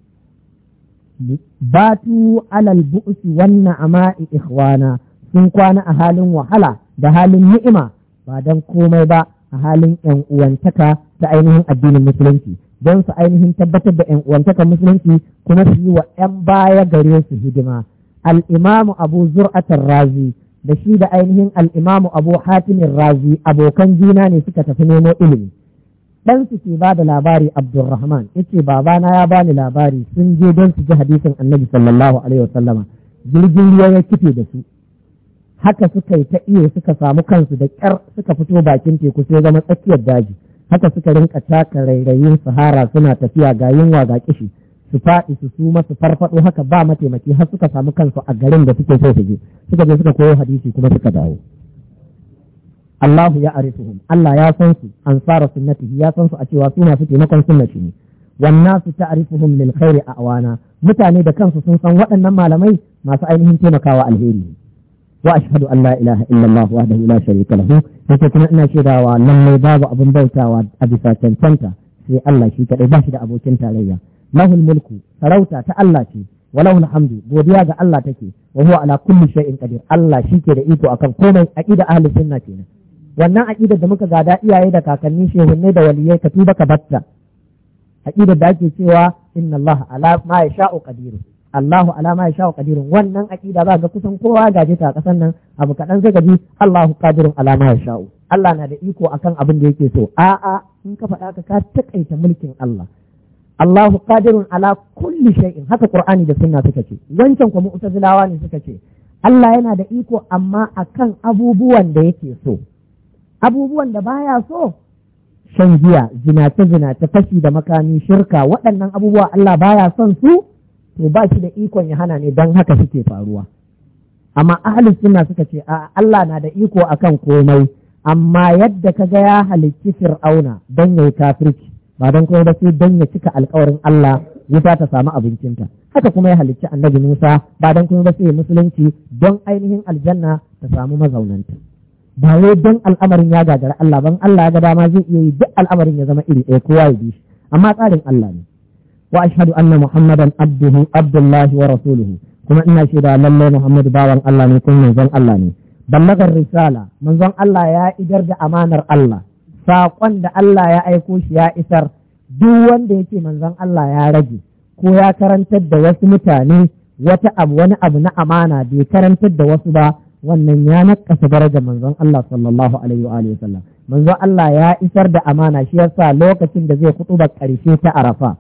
batu alal bu'si wan na'ama'i ikhwana sun kwana a halin wahala da halin ni'ima ba dan komai ba a halin yan uwantaka ta ainihin addinin musulunci don su ainihin tabbatar da yan uwantaka musulunci kuma su yi wa yan baya gare su hidima Al'imamu abu zur'atar razi da shi da ainihin Al'imamu abu hatimin razi abokan juna ne suka tafi nemo ilimi ɗansu ke ba da labari abdulrahman ya ce babana ya bani labari sun je don su ji hadisin annabi sallallahu alaihi wasallama jirgin ruwa ya kife da su haka suka yi ta iya suka samu kansu da ƙyar suka fito bakin teku sai zama tsakiyar daji haka suka rinka taka rairayin sahara suna tafiya ga yunwa ga kishi su faɗi su suma su farfaɗo haka ba mataimaki har suka samu kansu a garin da suke so su je suka je suka koyo hadisi kuma suka dawo Allahu ya arifuhum Allah ya san su ansara sunnatihi ya san su a cewa suna su taimakon sunnati ne wannan su ta'rifuhum lil khairi a awana mutane da kansu sun san waɗannan malamai masu ainihin taimakawa alheri wa ashhadu an la ilaha illallah wahdahu la sharika lahu sai kuma ina shaidawa nan mai babu abin bautawa a bisa cancanta sai Allah shi kadai ba shi da abokin tarayya lahul mulku sarauta ta Allah ce wa lahul hamdu godiya ga Allah take wa huwa ala kulli shay'in qadir Allah shi ke da iko akan komai aqida ahli sunna kenan wannan aƙidar da muka gada iyaye da kakanni shehunne da waliyai ka tuba ka batta aƙidar da ake cewa inna Allah ala ma sha'u qadir Allahu ala ma sha'u qadir wannan aƙida za ga kusan kowa gaje ta kasan nan abu kaɗan zai gaji Allahu qadirun ala ma sha'u Allah na da iko akan abin da yake so a'a in ka faɗa ka ka takaita mulkin Allah Allahu qadirun ala kulli shay'in haka Qur'ani da sunna suka ce wancan kuma mu'tazilawa ne suka ce Allah yana da iko amma akan abubuwan da yake so abubuwan da baya so shan giya zinace zinace fashi da makami shirka waɗannan abubuwa Allah baya son su to ba shi da ikon ya hana ne don haka suke faruwa amma ahlus sunna suka ce a Allah na da iko akan komai amma yadda ka ga ya halicci fir'auna don ya yi kafirci ba don kuma ba sai don ya cika alkawarin Allah wuta ta samu abincinta haka kuma ya halicci annabi Musa ba don kuma ba sai musulunci don ainihin aljanna ta samu mazaunanta. ba wai don al'amarin ya gagara Allah ban Allah ya ga dama zai iya yi duk al'amarin ya zama iri ɗaya kowa ya bi shi amma tsarin Allah ne wa ashhadu anna muhammadan abduhu abdullahi wa rasuluhu kuma ina da lallai muhammadu bawan Allah ne kuma manzon Allah ne ballagar risala manzon Allah ya idar da amanar Allah saƙon da Allah ya aiko shi ya isar duk wanda ya ce manzon Allah ya rage ko ya karantar da wasu mutane wata abu wani abu na amana bai karantar da wasu ba wannan ya nakasa daraja manzon Allah sallallahu alaihi wa alihi sallam manzon Allah ya isar da amana shi yasa lokacin da zai ba karshe ta Arafa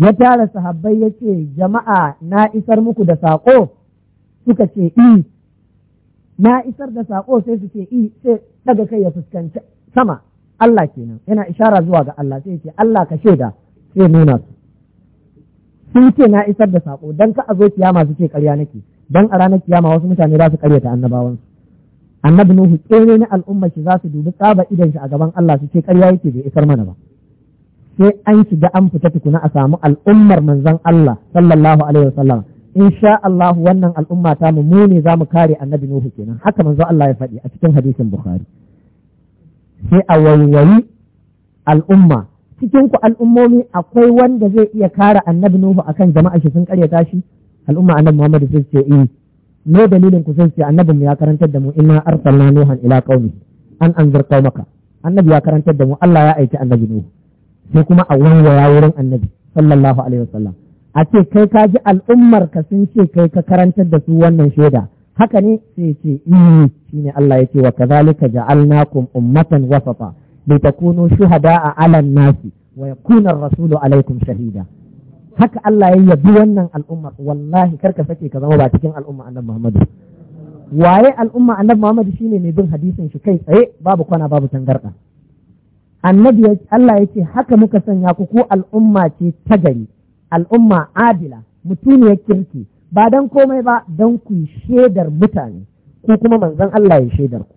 ya tara sahabbai yace jama'a na isar muku da sako suka ce i na isar da sako sai su ce i sai daga kai ya fuskanci sama Allah kenan yana ishara zuwa ga Allah sai ce Allah ka shaida sai nuna su sun ce na isar da sako dan ka a zo kiyama su ce ƙarya nake Don a ranar kiyama wasu mutane za su karyata annabawan annabi nuhu tsere na al'umma shi za su dubi tsaba idan shi a gaban Allah su ce karya yake bai isar mana ba sai an shiga an fita tukuna a samu al'ummar manzon Allah sallallahu alaihi wasallam insha Allah wannan al'umma ta mu mu ne zamu kare annabi nuhu kenan haka manzo Allah ya faɗi a cikin hadisin bukhari sai a wayoyi al'umma cikin ku al'ummomi akwai wanda zai iya kare annabi nuhu akan jama'a shi sun karyata shi al'umma annabi Muhammadu sun ce eh me dalilin ku sai ce annabin mu ya karantar da mu inna arsalna nuhan ila qaumi an anzir qaumaka annabi ya karantar da mu Allah ya aiki annabi nuhu sai kuma a waya wurin annabi sallallahu alaihi wasallam a ce kai ka ji al'ummar ka sun ce kai ka karantar da su wannan shaida haka ne sai ce eh shine Allah ya ce wa kadhalika ja'alnakum ummatan wasata litakunu shuhada'a 'alan nasi wa yakuna ar-rasulu 'alaykum shahida haka Allah ya yabi wannan al'umma wallahi karka sake ka zama ba cikin al'umma annabi Muhammadu waye al'umma annabi Muhammadu shine mai bin hadisin shi kai tsaye babu kwana babu tangarda annabi Allah yake haka muka sanya ku ko al'umma ce ta gari al'umma adila mutuniyar kirki ba dan komai ba dan ku shaidar mutane ko kuma manzon Allah ya shaidar ku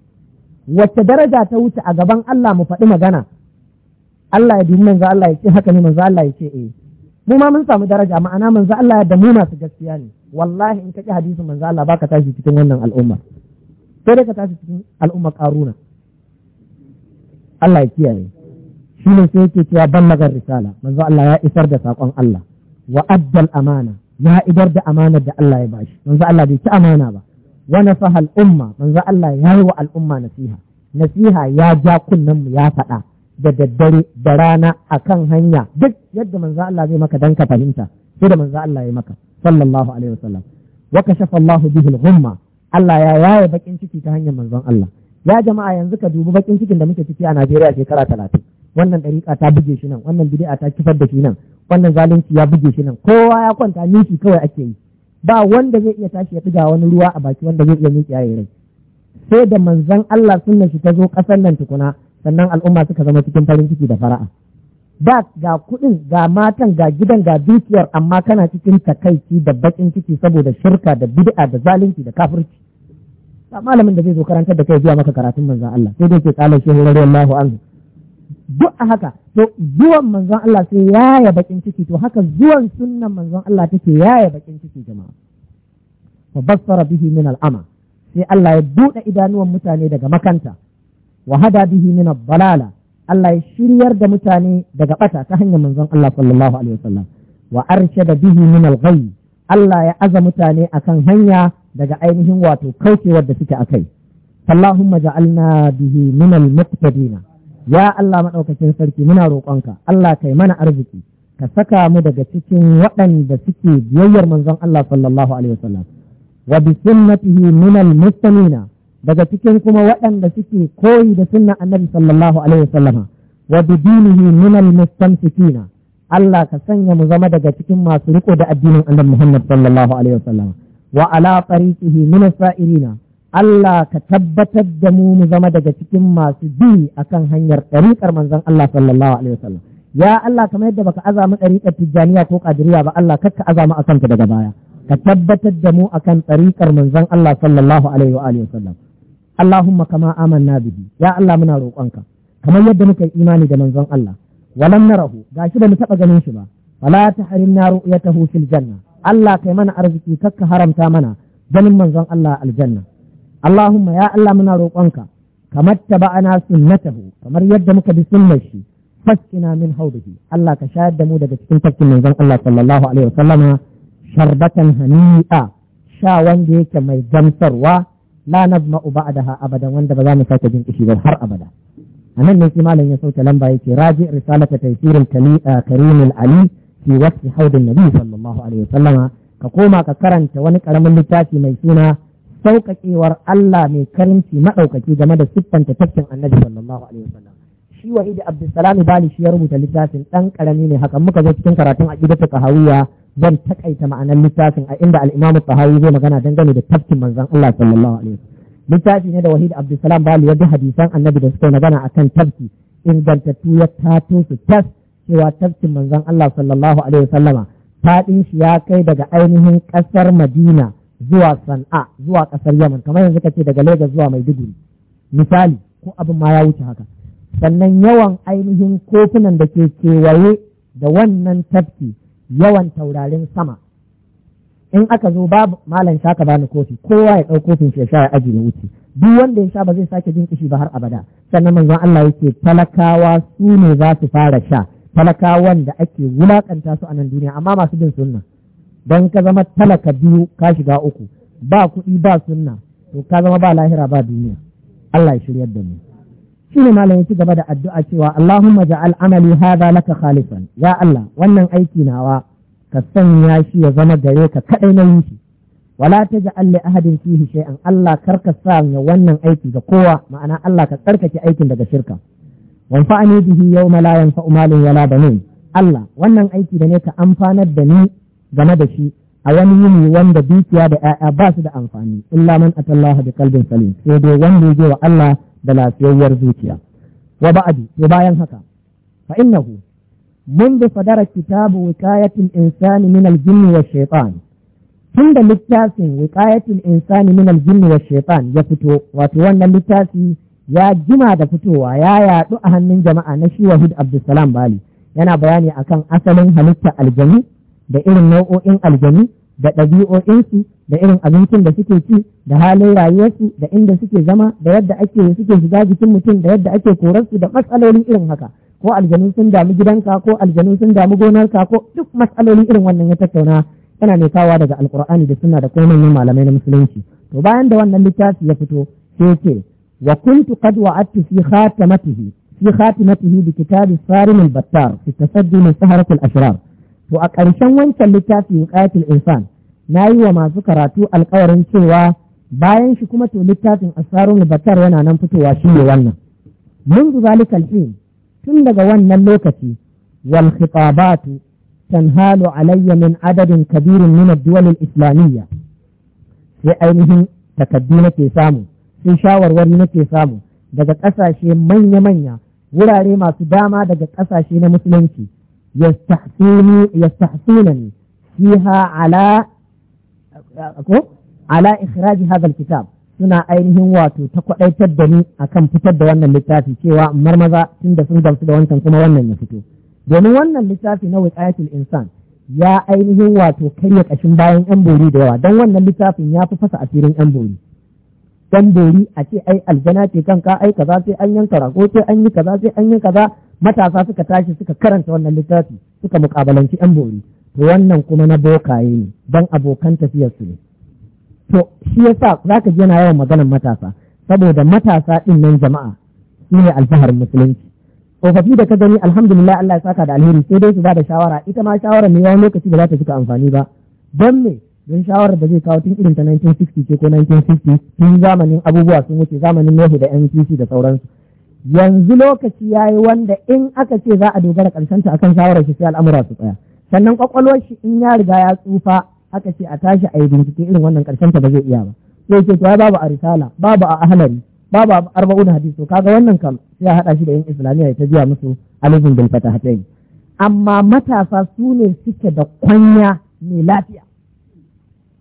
wacce daraja ta wuce a gaban Allah mu faɗi magana Allah ya dubi manzo Allah ya ce haka ne manzo Allah ya ce eh mu ma mun samu daraja ma'ana manzo Allah da mu masu gaskiya ne wallahi in ka hadisin manzo Allah baka tashi cikin wannan al'umma sai dai ka tashi cikin al'umma karuna Allah ya kiyaye shi ne sai yake cewa ban magar risala manzo Allah ya isar da sakon Allah wa addal amana ya idar da amanar da Allah ya bashi manzo Allah bai ci amana ba wa nasaha al umma manzo Allah ya yi wa al umma nasiha nasiha ya ja kunnan mu ya faɗa da daddare da rana akan hanya duk yadda manzo Allah zai maka dan ka fahimta sai da manzo Allah ya maka sallallahu alaihi wasallam wa kashafa Allah bihi al-humma Allah ya yaye bakin ciki ta hanyar manzon Allah ya jama'a yanzu ka dubi bakin cikin da muke ciki a Najeriya shekara talatin wannan dariƙa ta buge shi nan wannan bid'a ta kifar da shi nan wannan zalunci ya buge shi nan kowa ya kwanta miki kawai ake yi ba wanda zai iya tashi ya tuga wani ruwa a baki wanda zai iya miki yayi rai sai da manzon Allah sunnar shi ta zo kasar nan tukuna sannan al'umma suka zama cikin farin ciki da fara'a ba ga kuɗin ga matan ga gidan ga dukiyar amma kana cikin takaici da bakin ciki saboda shirka da bid'a da zalunci da kafirci ba malamin da zai zo karantar da kai zuwa maka karatun manzon Allah sai dai ke kalan shehu radiyallahu anhu duk a haka to zuwan manzon Allah sai yaya bakin ciki to haka zuwan sunnan manzon Allah take yaya bakin ciki jama'a fa basara bihi min al'ama sai Allah ya bude idanuwan mutane daga makanta wa hada bihi min balala Allah ya shiryar da mutane daga bata ta hanyar manzon Allah sallallahu alaihi wasallam wa arshada bihi min al-ghayb Allah ya aza mutane akan hanya daga ainihin wato kaucewar da suke akai Allahumma ja'alna bihi min al-muqtadina ya Allah madaukakin sarki muna roƙonka Allah kai mana arziki ka saka mu daga cikin waɗanda suke biyayyar manzon Allah sallallahu alaihi wasallam wa bikin sunnatihi min al-mustamina daga cikin kuma waɗanda suke koyi da sunna annabi sallallahu alaihi wasallama wa bidinihi min al-mustamsikina Allah ka sanya mu zama daga cikin masu riko da addinin annabi Muhammad sallallahu alaihi wasallama wa ala tariqihi min sairina Allah ka tabbatar da mu mu zama daga cikin masu bi akan hanyar ɗariƙar manzon Allah sallallahu alaihi wasallam ya Allah kamar yadda baka azama ɗariƙar tijjaniya ko ƙadiriya ba Allah kakka azama akan ka daga baya ka tabbatar da mu akan ɗariƙar manzon Allah sallallahu alaihi wa alihi wasallam Allahumma kama amanna bihi ya Allah muna roƙonka kamar yadda muka yi imani da manzon Allah walam narahu gashi da mu taba ganin shi ba wala tahrimna ru'yatahu fil janna Allah kai mana arziki kakka haramta mana ganin manzon Allah aljanna Allahumma ya Allah muna roƙonka kamar taba'ana sunnatahu kamar yadda muka bi sunnar shi faskina min haudihi Allah ka shayar da mu daga cikin tafkin manzon Allah sallallahu alaihi wasallama sharbatan hani'a sha wanda yake mai gamsarwa la nazma'u ba'daha abadan wanda ba za mu sake jin kishi ba har abada anan ne malam ya sauke lamba yake raji risalata taysirin karim ali fi wasfi haudin nabi sallallahu alaihi wasallama ka koma ka karanta wani karamin littafi mai suna sauƙaƙewar Allah mai karimci maɗaukaki game da siffanta tafkin annabi sallallahu alaihi wasallam shi wahidi abdulsalami bali shi ya rubuta littafin ɗan ƙarami ne hakan muka zo cikin karatun aqidatu qahawiya zan takaita ma'anar littafin a inda al-Imam zai magana dangane da tafkin manzan Allah sallallahu alaihi wasallam littafi ne da Wahid Abdulsalam Bali ya hadisan annabi da suka magana akan tafki ingantattu ya tato su tas cewa tafkin manzan Allah sallallahu alaihi wasallama faɗin shi ya kai daga ainihin ƙasar Madina zuwa San'a zuwa ƙasar Yaman kamar yanzu kace daga Lagos zuwa Maiduguri misali ko abin ma ya wuce haka sannan yawan ainihin kofunan da ke kewaye da wannan tafki yawan taurarin sama in aka zo babu malam sha ka bani kofi kowa ya ɗau kofin shi ya sha ya aji ya wuce duk wanda ya sha ba zai sake jin kishi ba har abada sannan manzon Allah yake talakawa su ne za su fara sha talakawan da ake wulakanta su a nan duniya amma masu bin sunna don ka zama talaka biyu ka shiga uku ba kuɗi ba sunna to ka zama ba lahira ba duniya Allah ya shiryar da mu shine ne ci gaba da addu'a cewa Allahumma ja'al amali hadha laka khalisan ya Allah wannan aiki nawa ka sanya shi ya zama gare ka kadai na yi shi wala taj'al li ahadin fihi shay'an Allah karka sa ya wannan aiki ga kowa ma'ana Allah ka tsarkake aikin daga shirka wanfa'ani bihi yawma la yanfa'u malun wala banun Allah wannan aiki da ne ka amfanar da ni game da shi a wani yini wanda dukiya da ‘ya'ya ba su da amfani, illa man atallaha da kalbin salim, sai dai wanda ya wa Allah da lafiyayyar zuciya wa ba'adi to bayan haka fa innahu منذ صدر كتاب وقاية الإنسان من الجن والشيطان tunda littafin wiƙayatul insani min aljinn wa ya fito wato wannan littafi ya jima da fitowa ya yaɗu a hannun jama'a na shi wahid abdulsalam bali yana bayani akan asalin halittar aljanu da irin nau'o'in aljanu da ɗabi'o'insu da irin abincin da suke ci da halin rayuwarsu da inda suke zama da yadda ake suke shiga jikin mutum da yadda ake korarsu da matsalolin irin haka ko aljanu sun damu gidanka ko aljanu sun damu gonarka ko duk matsaloli irin wannan ya tattauna yana mai kawa daga alkur'ani da suna da kuma manyan malamai na musulunci to bayan da wannan littafi ya fito sai ce wa kuntu qad wa'adtu fi khatamatihi fi khatimatihi bi kitabi sarim al-battar fi tasaddi min saharatil ashrar to a ƙarshen wancan littafi wiqayatul insan na yi wa masu karatu alkawarin cewa bayan shi kuma to littafin asarun batar yana nan fitowa shi ne wannan منذ ذلك الحين tun daga wannan lokaci wal khitabatu tanhalu alayya min adadin kabirin min ad-duwal al-islamiyya sai ainihin takardu nake samu sai shawarwari nake samu daga ƙasashe manya-manya wurare masu dama daga ƙasashe na musulunci yastahsini yastahsinani fiha ala ko ala ikhraj hadha alkitab suna ainihin wato ta kwadaitar da ni akan fitar da wannan littafi cewa marmaza tunda sun gamsu da wancan kuma wannan ya fito domin wannan littafi na wiqayatul insan ya ainihin wato karya kashin bayan yan bori da yawa don wannan littafin ya fi fasa asirin yan bori dan bori a ce ai aljana ce kanka ai kaza sai an yanka rago sai an yi kaza sai an yi kaza matasa suka tashi suka karanta wannan littafi suka mukabalanci yan bori to wannan kuma na bokaye ne don abokan tafiyar su ne to shi yasa zaka ji yana yawan maganar matasa saboda matasa din nan jama'a su ne alfaharin musulunci tsofaffi da ka gani alhamdulillah Allah ya saka da alheri sai dai su ba da shawara ita ma shawara ne yawan lokaci ba za ta cika amfani ba don me don shawarar da zai kawo tun irin ta 1960 ce ko 1950 tun zamanin abubuwa sun wuce zamanin Nuhu da NCC da sauransu yanzu lokaci ya yi wanda in aka ce za a dogara ƙarshen ta akan shawarar shi sai al'amura su tsaya sannan kwakwalwar shi in ya riga ya tsufa aka ce a tashi a yi bincike irin wannan ƙarshen ta ba zai iya ba sai ce to babu a risala babu a ahlari babu a arba'un hadisi kaga wannan kam sai a haɗa shi da yin islamiyya ta biya musu alifin bil fatahatayn amma matasa su ne suke da kwanya mai lafiya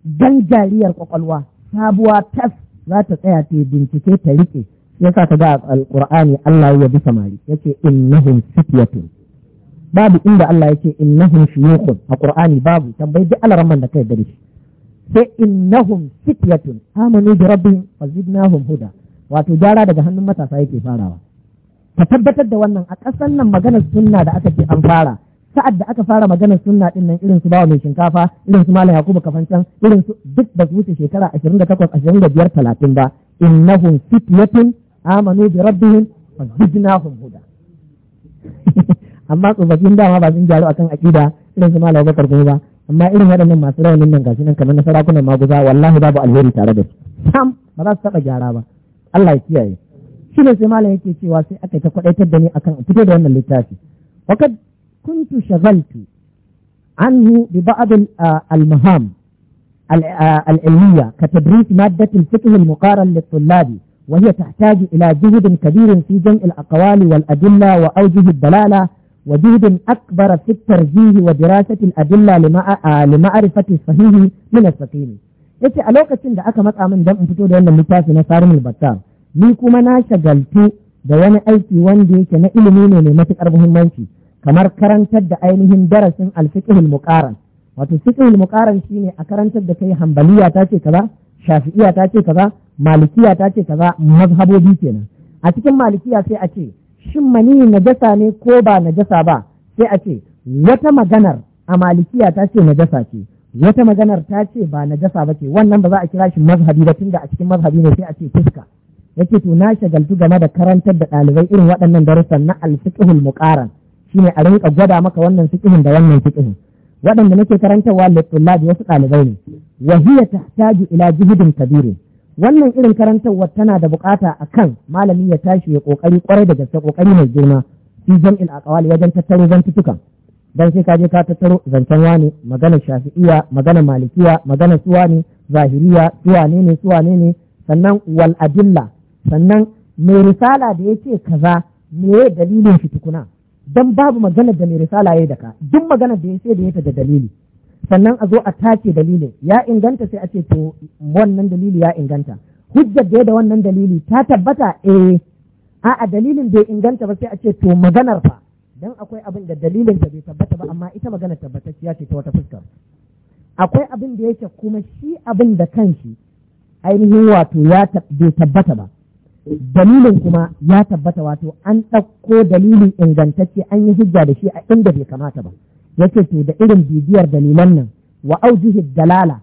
dan jariyar kwakwalwa sabuwa tas za ta tsaya ta bincike ta rike yasa ka ga alqur'ani Allah ya bi samari yace innahum fityatun babu inda Allah yake innahum shuyukhun a qur'ani babu tambayi duk alaran da kai da shi sai innahum fityatun amanu bi rabbihim fazidnahum huda wato gyara daga hannun matasa yake farawa ka tabbatar da wannan a ƙasar nan maganar sunna da aka ce an fara sa'ad da aka fara maganar sunna din nan irin su bawa mai shinkafa irin su malam yakubu kafancan irin su duk ba su wuce shekara ashirin da takwas ashirin da biyar talatin ba innahum fityatun amanu bi rabbihim wa huda amma tsofaffin dama ba sun gyaru akan aƙida irin su malam bakar kuma ba amma irin waɗannan masu rawanin nan gashi nan kamar na sarakunan maguza wallahi babu alheri tare da su sam ba za su taɓa gyara ba Allah ya kiyaye shi ne sai malam yake cewa sai aka ta kwaɗaitar da ni akan fito da wannan littafi wakad kuntu shagaltu anhu bi ba'd al-maham al-ilmiya ka tadris maddat fiqh al-muqaran lit-tullabi وهي تحتاج إلى جهد كبير في جمع الأقوال والأدلة وأوجه الدلالة وجهد أكبر wa الترجيح ودراسة الأدلة لمعرفة الصحيح من السقيم yace a lokacin da aka matsa min don in fito da wannan littafi na sarin battar ni kuma na shagaltu da wani aiki wanda yake na ilimi ne mai matuƙar muhimmanci kamar karantar da ainihin darasin alfiqhul muƙaran. wato fiqhul muqaran shine a karantar da kai hambaliya ta ce kaza shafi'iya ta ce kaza malikiya ta ce kaza mazhabobi kenan a cikin malikiya sai a ce shin mani najasa ne ko ba najasa ba sai a ce wata maganar a malikiya ta ce najasa ce wata maganar ta ce ba najasa ba ce wannan ba za a kira shi mazhabi ba tunda a cikin mazhabi ne sai a ce fuska yake to na shagaltu game da karantar da ɗalibai irin waɗannan darussan na alfiqhul muqaran shine a rinka gwada maka wannan fiqhin da wannan fiqhin waɗanda nake karantarwa littullabi wasu ɗalibai ne wa hiya tahtaju ila jihudin kabirin wannan irin karantarwa tana da bukata akan malami ya tashi ya kokari kwarai da gaske kokari mai girma fi jam'il aqwal wajen tattaro zantutukan dan sai ka je ka tattaro zancen wani magana shafi'iya magana malikiya magana suwani zahiriya suwane ne suwane ne sannan wal adilla sannan mai risala da yake kaza me dalilin shi tukuna don babu magana da mai risala ya yi ka duk magana da ya sai da yake da dalili sannan a zo a tace dalilin ya inganta sai a ce to wannan dalili ya inganta hujjar da ya da wannan dalili ta tabbata eh a'a dalilin bai inganta ba sai a ce to maganar fa dan akwai abin da dalilin da bai tabbata ba amma ita magana tabbata ya ce ta wata fuskar akwai abin da yake kuma shi abin da kanshi ainihin wato ya bai tabbata ba dalilin kuma ya tabbata wato an ɗauko dalilin ingantacce an yi hujja da shi a inda bai kamata ba yace to da irin bibiyar dalilan nan wa aujihi dalala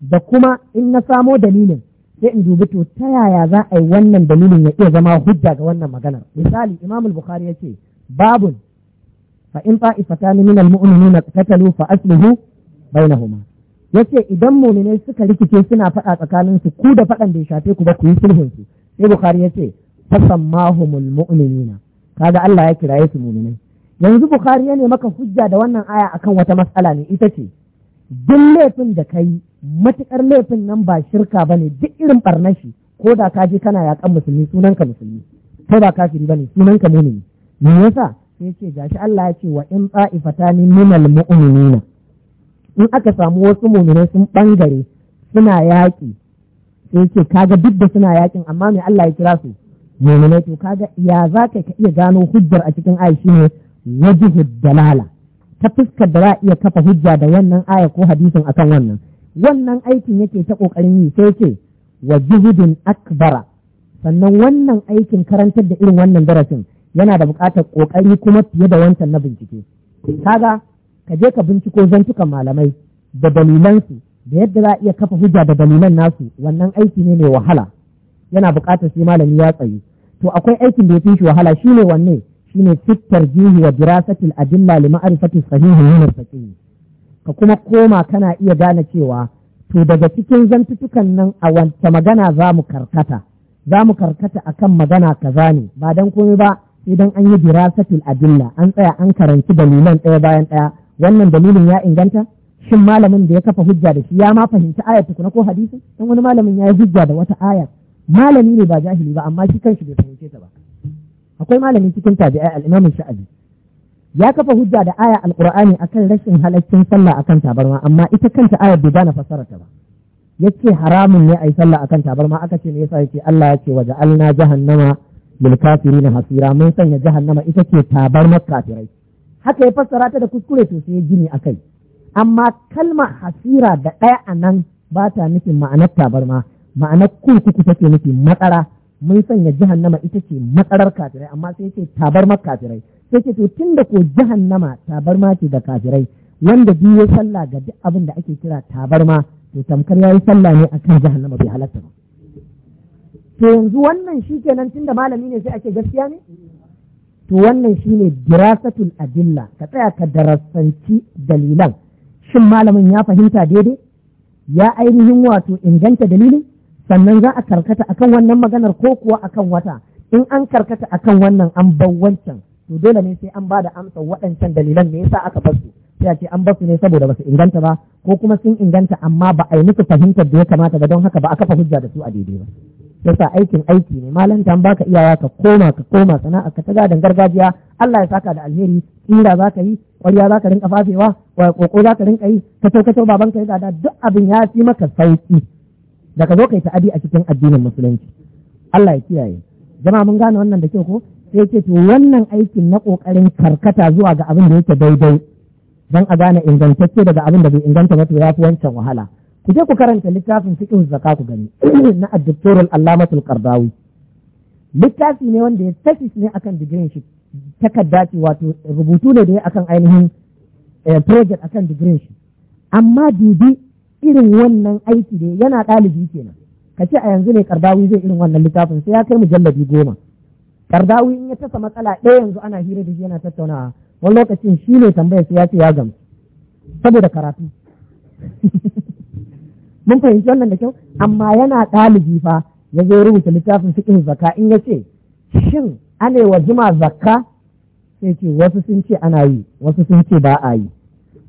da kuma in na samo dalilin sai in dubi to ta yaya za a yi wannan dalilin ya iya zama hujja ga wannan maganar misali imam al-bukhari yace babun fa in fa'ifatani min al-mu'minina qatalu fa aslihu bainahuma yace idan mu'minai suka rikice suna faɗa tsakanin ku da faɗan da ya shafe ku ba ku yi sulhun su sai bukari ya ce mahumul mu'minina kaga Allah ya kira su mu'minai yanzu bukhari ya ne maka hujja da wannan aya akan wata matsala ne ita ce duk laifin da kai matukar laifin nan ba shirka bane duk irin shi ko da ka je kana yakan musulmi sunan ka musulmi ko ba kafiri bane ka mu'mini me yasa sai ce gashi Allah ya ce wa in ta'ifatani minal mu'minina in aka samu wasu mu'minai sun bangare suna yaƙi sai ce kaga duk da suna yakin amma mai Allah ya kira su mu'minai to kaga ya za ka iya gano hujjar a cikin aya shine wajhu dalala ta fuskar da za iya kafa hujja da wannan aya ko hadisin akan wannan wannan aikin yake ta kokarin yi sai ce wa juhudin akbara sannan wannan aikin karantar da irin wannan darasin yana da buƙatar kokari kuma fiye da wancan na bincike kaga ka je ka binciko zantukan malamai da dalilansu da yadda za a iya kafa hujja da dalilan nasu wannan aiki ne mai wahala yana buƙatar sai malami ya tsayi to akwai aikin da ya fi shi wahala shine wanne shine fitar jihi wa dirasatil adilla li ma'rifati sahihi min faqih ka kuma koma kana iya gane cewa to daga cikin zantutukan nan a wanta magana za mu karkata za mu karkata akan magana kaza ne ba dan komai ba sai dan an yi dirasatil adilla an tsaya an karanci dalilan ɗaya bayan ɗaya wannan dalilin ya inganta shin malamin da ya kafa hujja da shi ya ma fahimci ayar tukuna ko hadisi dan wani malamin ya yi hujja da wata aya malami ne ba jahili ba amma shi kanshi bai fahimce ta ba akwai malami cikin tabi'ai al-imam sha'abi ya kafa hujja da aya alqur'ani akan rashin halaccin sallah akan tabarma amma ita kanta ayar bai bana fasara ta ba yace haramun ne ayi sallah akan tabarma aka ce me yasa yace Allah ya ce waja'alna jahannama lil kafirin hasira mun sanya jahannama ita ce tabarmar kafirai haka ya fassara ta da kuskure to sai ya gini akai amma kalma hasira da ɗaya a nan ba ta nufin ma'anar tabarma ma'anar kurkuku take nufi matsara mun sanya jahannama ita ce matsarar kafirai amma sai ce tabarma kafirai sai ce to tunda ko jahannama tabarma ce da kafirai wanda biyu ya sallah ga duk abin da ake kira tabarma to tamkar ya yi sallah ne akan jahannama bai halatta ba to yanzu wannan shi tun da malami ne sai ake gaskiya ne to wannan shine dirasatul adilla ka tsaya ka darasanci dalilan shin malamin ya fahimta daidai ya ainihin wato inganta dalilin sannan za a karkata akan wannan maganar ko kuwa akan wata in an karkata akan wannan an bar wancan to dole ne sai an ba da amsa waɗancan dalilan me yasa aka basu sai a ce an basu ne saboda ba su inganta ba ko kuma sun inganta amma ba a yi musu fahimtar da ya kamata ba don haka ba a kafa hujja da su a daidai ba yasa aikin aiki ne malam an baka iyawa ka koma ka koma sana'a ka ta gadon gargajiya Allah ya saka da alheri tsira za ka yi ƙwarya za ka rinka fafewa wa koko za ka rinka yi ka to ka to baban ka da duk abin ya fi maka sauki da ka zo kai ta'adi a cikin addinin musulunci Allah ya kiyaye jama'a mun gane wannan da kyau ko sai ce to wannan aikin na kokarin karkata zuwa ga abin da yake daidai dan a gane ingantacce daga abin da bai inganta ba to yafi wancan wahala ku je ku karanta littafin cikin zaka ku gani na ad Allah al-allamatul littafi ne wanda ya tafis ne akan digirin shi takarda ce wato rubutu ne da ya akan ainihin eh, project akan digirin shi amma dubi irin wannan aiki ne yana ɗalibi kenan ka ce a yanzu ne kardawi zai irin wannan littafin sai ya kai mujallabi goma kardawi in ya tasa matsala ɗaya yanzu ana hira da shi yana tattaunawa wani lokacin shi ne tambayar sai ya ce ya gamsu saboda karatu mun fahimci wannan da kyau amma yana ɗalibi fa ya zo rubuta littafin fiqh zaka in ya ce shin ane wa zuma zakka sai ce wasu sun ce ana yi wasu sun ce ba a yi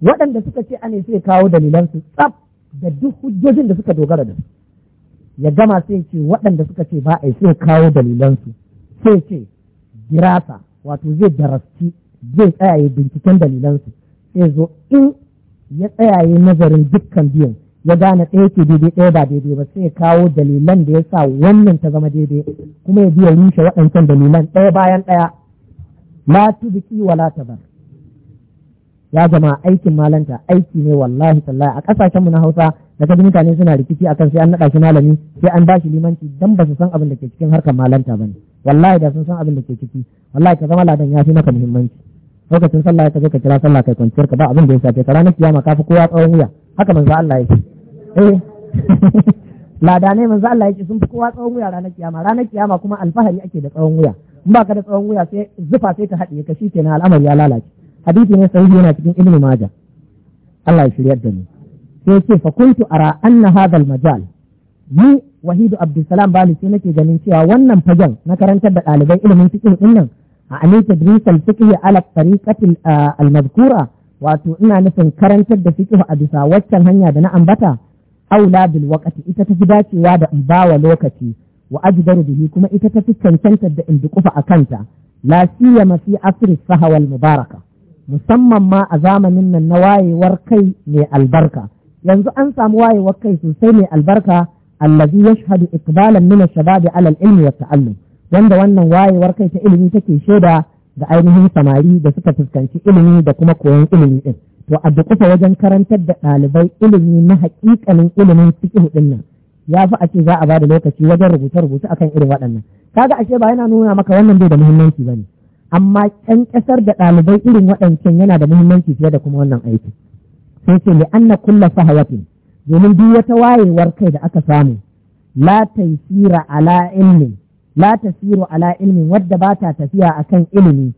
waɗanda suka ce ane sai kawo dalilan tsaf da duk hujjojin da suka dogara da su ya gama sai ce waɗanda suka ce ba a yi sai kawo dalilansu, su sai ce girasa wato zai darasci zai tsayaye binciken dalilansu, sai zo in ya tsayaye nazarin dukkan biyan ya gane ɗaya ke daidai ɗaya ba daidai ba sai ya kawo dalilan da ya sa wannan ta zama daidai kuma ya biya rushe waɗancan dalilan ɗaya bayan ɗaya la biki wala tabar ya zama aikin malanta aiki ne wallahi tallahi a ƙasashenmu na Hausa da kaji mutane suna rikici akan sai an naɗa shi malami sai an bashi limanci dan ba su san abin da ke cikin harkar malanta bane wallahi da sun san abin da ke ciki wallahi ka zama ladan ya fi maka muhimmanci lokacin sallah ka je ka kira sallah kai kwanciyar ka ba abin da ya sace ka ranar kiyama ka fi kowa tsawon wuya haka manzo Allah ya ce eh lada ne manzo Allah yake sun fi kowa tsawon wuya ranar kiyama ranar kiyama kuma alfahari ake da tsawon wuya in baka da tsawon wuya sai zufa sai ta haɗe ka na al'amari ya lalace hadisi ne sahihi yana cikin ilmi maja Allah ya shirya da ni sai ce fa kuntu ara anna hadha majal ni wahidu abdulsalam bali sai nake ganin cewa wannan fagen na karantar da ɗalibai ilimin cikin dinnan a ani tadris fiqh ala tariqati al ah, madhkura wato ina nufin karantar da fiqh a bisa waccan hanya da na ambata aula bil wakati ita ta fi dacewa da in bawa lokaci wa ajdaru bihi kuma ita ta fi cancantar da in dukufa a kanta la siyama fi asri sahawal mubaraka musamman ma a zamanin nan na wayewar kai mai albarka yanzu an samu wayewar kai sosai mai albarka allazi yashhadu iqbalan min ash-shababi ala al-ilmi wa ta'allum wanda wannan wayewar kai ta ilimi take shaida ga ainihin samari da suka fuskanci ilimi da kuma koyon ilimi din wa a wajen karantar da ɗalibai ilimi na haƙiƙanin ilimin fiqh ɗin nan ya fi a ce za a ba da lokaci wajen rubuce-rubuce akan irin waɗannan kaga ashe ba yana nuna maka wannan bai da muhimmanci bane amma can ƙasar da ɗalibai irin waɗancan yana da muhimmanci fiye da kuma wannan aiki sai ce li anna kulla fahawatin domin duk wata wayewar kai da aka samu la taysira ala ilmin la tasiru ala ilmin wadda ba ta tafiya akan ilimi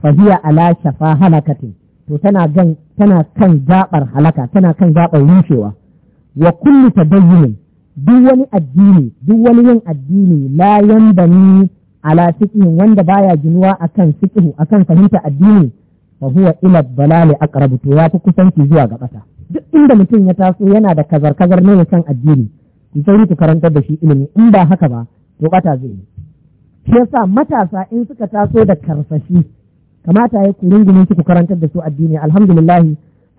fa hiya ala shafa halakatin to tana gan tana kan gabar halaka tana kan gabar rushewa wa kullu tabayyun duk wani addini duk wani yin addini la yanbani ala fiqhin wanda baya ginuwa akan fiqhu akan fahimta addini fa huwa ila dalali aqrab to kusan kusanci zuwa ga ƙasa duk inda mutum ya taso yana da kazar kazar ne kan addini ki sauri ku karantar da shi ilimi in ba haka ba to bata zai yi shi yasa matasa in suka taso da karsashi kamata ya ku rungumin ku karantar da su addini alhamdulillah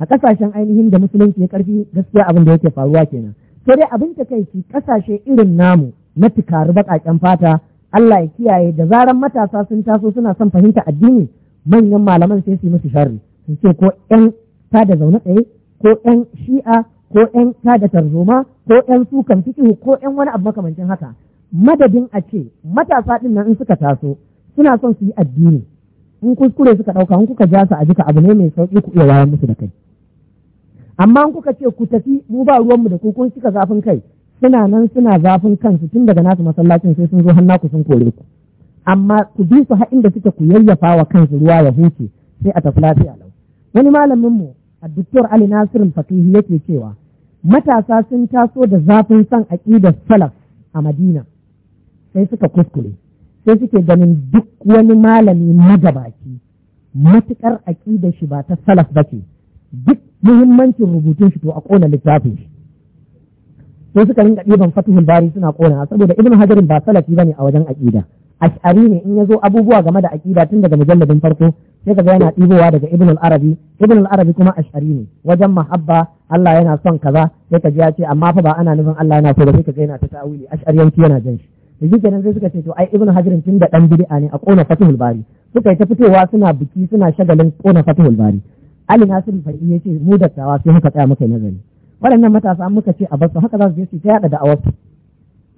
a kasashen ainihin da musulunci ya karfi gaskiya abin da yake faruwa kenan sai dai abin takaici kasashe irin namu na tikari baƙaƙen fata Allah ya kiyaye da zaran matasa sun taso suna son fahimta addini manyan malaman sai su yi musu sharri su ce ko ƴan tada zaune tsaye ko ƴan shi'a ko ƴan tada tarzoma ko ƴan sukan fikihu ko ƴan wani abu makamancin haka madadin a ce matasa ɗin nan in suka taso suna son su yi addini in kuskure suka ɗauka in kuka ja su a jika abu ne mai sauƙi ku iya wayar musu da kai amma in kuka ce ku tafi mu ba ruwanmu da ku kun cika zafin kai suna nan suna zafin kansu tun daga nasu masallacin sai sun zo har naku sun kore ku amma ku bi su har inda suke ku yayyafa wa kansu ruwa ya huce sai a tafi lafiya lau wani malamin mu a doktor Ali Nasir Fakihi yake cewa matasa sun taso da zafin san aqidar salaf a Madina sai suka kuskure sai suke ganin duk wani malami magabaci matuƙar aƙidar shi ba ta salaf ba ce duk muhimmancin rubutun shi to a ƙona littafin shi sai suka rinka ɗiban fatihul bari suna ƙona saboda ibn hajarin ba salafi ne a wajen aƙida ash'ari ne in zo abubuwa game da aƙida tun daga mujalladin farko sai kaga yana ɗibowa daga ibn arabi ibn arabi kuma ash'ari ne wajen mahabba Allah yana son kaza sai kaji ya ce amma fa ba ana nufin Allah yana so ba sai kaga yana ta ta'awili ash'ariyanci yana jan shi yanzu kenan sai suka ce to ai ibnu hajarin tun da dan bid'a ne a kona fatihul bari suka yi ta fitowa suna biki suna shagalin kona fatihul bari ali nasiru far'i ya ce mu dattawa sai muka tsaya muka yi nazari waɗannan matasa muka ce a basu haka za su je su ta yada da'awar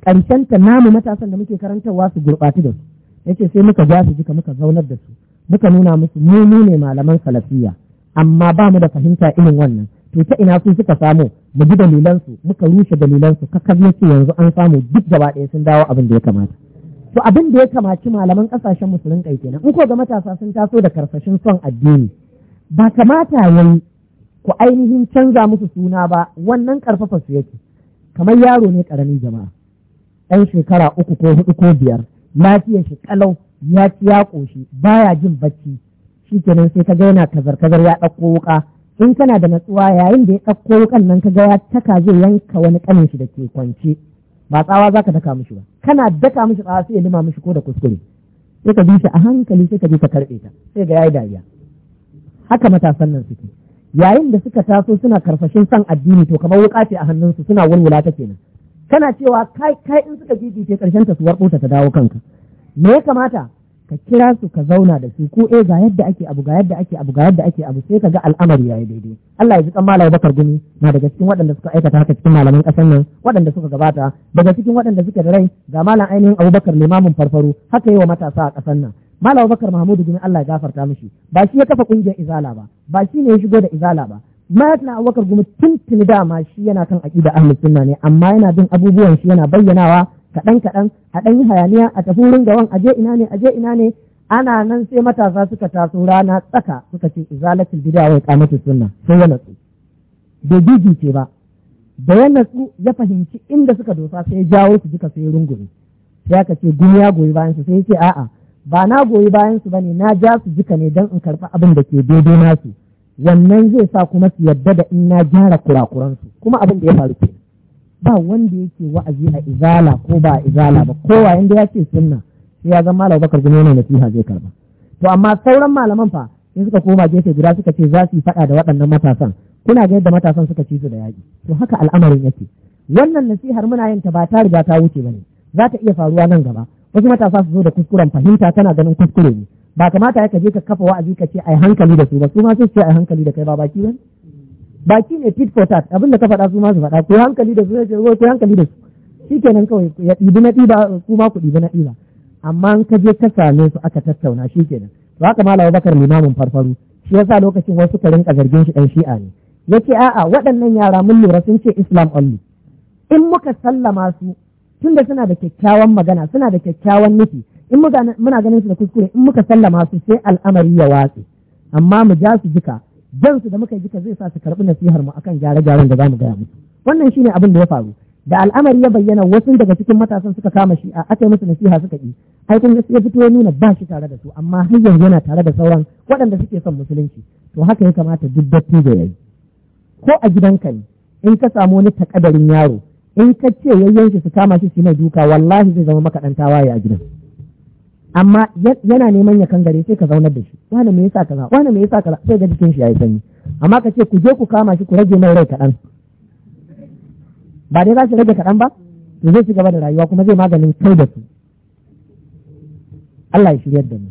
ƙarshen ta namu matasan da muke karantarwa su gurbatu da su yace sai muka ja su jika muka zaunar da su muka nuna musu mu ne malaman salafiya amma ba mu da fahimta irin wannan to ta ina su suka samu mu ji dalilansu muka rushe dalilansu kakar su yanzu an samu duk gaba ɗaya sun dawo abin da ya kamata to abin da ya kamaci malaman kasashen musulun kai kenan in ko ga matasa sun taso da karsashin son addini ba kamata yayi ku ainihin canza musu suna ba wannan karfafa su yake kamar yaro ne karamin jama'a ɗan shekara uku ko hudu ko biyar lafiyar shi kalau ya ci ya koshi baya jin bacci shikenan sai ka gaina kazar kazar ya ɗauko wuƙa. in kana da natsuwa yayin da ya ɗauko wukan nan ka ga ya taka zai yanka wani ƙanin shi da ke kwance ba tsawa za ka daka mishi ba kana daka mishi tsawa sai ya lima mishi ko da kuskure sai ka bi a hankali sai ka bi ka karɓe ta sai ga yayi dariya haka matasan nan suke yayin da suka taso suna karfashin san addini to kamar wuka ce a hannunsu suna wulwula ta kenan kana cewa kai in suka gigice karshen ta su ta dawo kanka me ya kamata ka kira su ka zauna da su ko eh ga yadda ake abu ga yadda ake abu ga yadda ake abu sai ka ga al'amari yayi daidai Allah ya ji kan malama Bakar Gumi na daga cikin waɗanda suka aikata haka cikin malaman ƙasar nan waɗanda suka gabata daga cikin waɗanda suke da rai ga malam ainihin Abubakar limamin farfaro haka yi wa matasa a ƙasar nan Malam Bakar Mahmudu Gumi Allah ya gafarta mishi ba shi ya kafa ƙungiyar Izala ba ba shi ne ya shigo da Izala ba na abubakar gumi tun tuntuni dama shi yana kan aƙida ahlus sunna ne amma yana bin abubuwan shi yana bayyanawa kaɗan kaɗan a ɗan yi hayaniya a tafi wurin gawan je ina ne a je ina ne ana nan sai matasa suka taso rana tsaka suka ce izalatul bid'a wa iqamatu sunna sai ya natsu bai gigice ba da ya natsu ya fahimci inda suka dosa sai ya jawo su duka sai rungume sai aka ce ya goyi bayan su sai ya ce a'a ba na goyi bayan su bane na ja su duka ne don in karɓi abin da ke daidai nasu wannan zai sa kuma su yadda da in na gyara kurakuransu kuma abin da ya faru ke ba wanda yake wa'azi a izala ko ba a izala ba kowa inda ya ce sunna sai ya zama lau bakar gumi ne nasiha zai karba to amma sauran malaman fa in suka koma gefe guda suka ce za su yi faɗa da waɗannan matasan kuna ga yadda matasan suka ci su da yaƙi to haka al'amarin yake wannan nasihar muna yin ta ba ta riga ta wuce ba ne, za ta iya faruwa nan gaba wasu matasa su zo da kuskuren fahimta tana ganin kuskure ne ba kamata ya ka je ka kafa wa'azi ka ce ai hankali da su ba su ma sai ce ai hankali da kai ba baki ne baki ne pit for tat abinda ka faɗa su ma su faɗa ku hankali da su ne ko ku hankali da su shikenan kawai ya ɗibi na ɗiba ku ma ku ɗibi na ɗiba amma in ka je ka same su aka tattauna shikenan to haka malam Bakar limamin farfaru shi yasa lokacin wasu ka rinka zargin shi dan shi'a ne yace a'a waɗannan yara mun lura sun ce Islam only in muka sallama su tunda suna da kyakkyawan magana suna da kyakkyawan nufi in muna ganin su da kuskure in muka sallama su sai al'amari ya watse amma mu ja su jika jansu da muka ji ka zai sa su karɓi nasihar mu akan gyare-gyaren da za mu gaya musu wannan shine abin da ya faru da al'amari ya bayyana wasu daga cikin matasan suka kama shi a aka musu nasiha suka yi ai kun ya fito ya nuna ba shi tare da su amma har yanzu yana tare da sauran waɗanda suke son musulunci to haka ya kamata duk dattijo yayi ko a gidanka ne in ka samu wani takadarin yaro in ka ce yayyan shi su kama shi su mai duka wallahi zai zama maka dan tawaye a gidan amma yana neman ya kan gare sai ka zaunar da shi wani me yasa kaza wani me yasa kaza sai ga jikin shi yayi sanyi amma ka ce ku je ku kama shi ku rage mai rai kaɗan ba dai za su rage kaɗan ba to zai ci gaba da rayuwa kuma zai maganin kai da su Allah ya shiryar da mu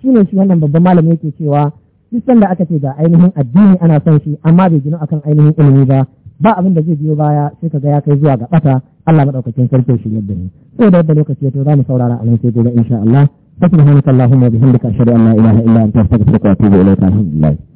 shi shi wannan babban malami yake cewa duk sanda aka ce ga ainihin addini ana son shi amma bai gina akan ainihin ilimi ba ba abin da zai biyo baya sai ka ga ya kai zuwa ga bata Allah madaukakin sarki shi ni ne da wannan lokaci ya to za mu saurara a nan sai gobe insha Allah subhanakallahumma wa bihamdika ashhadu an la ilaha illa anta astaghfiruka wa atubu ilaika alhamdulillah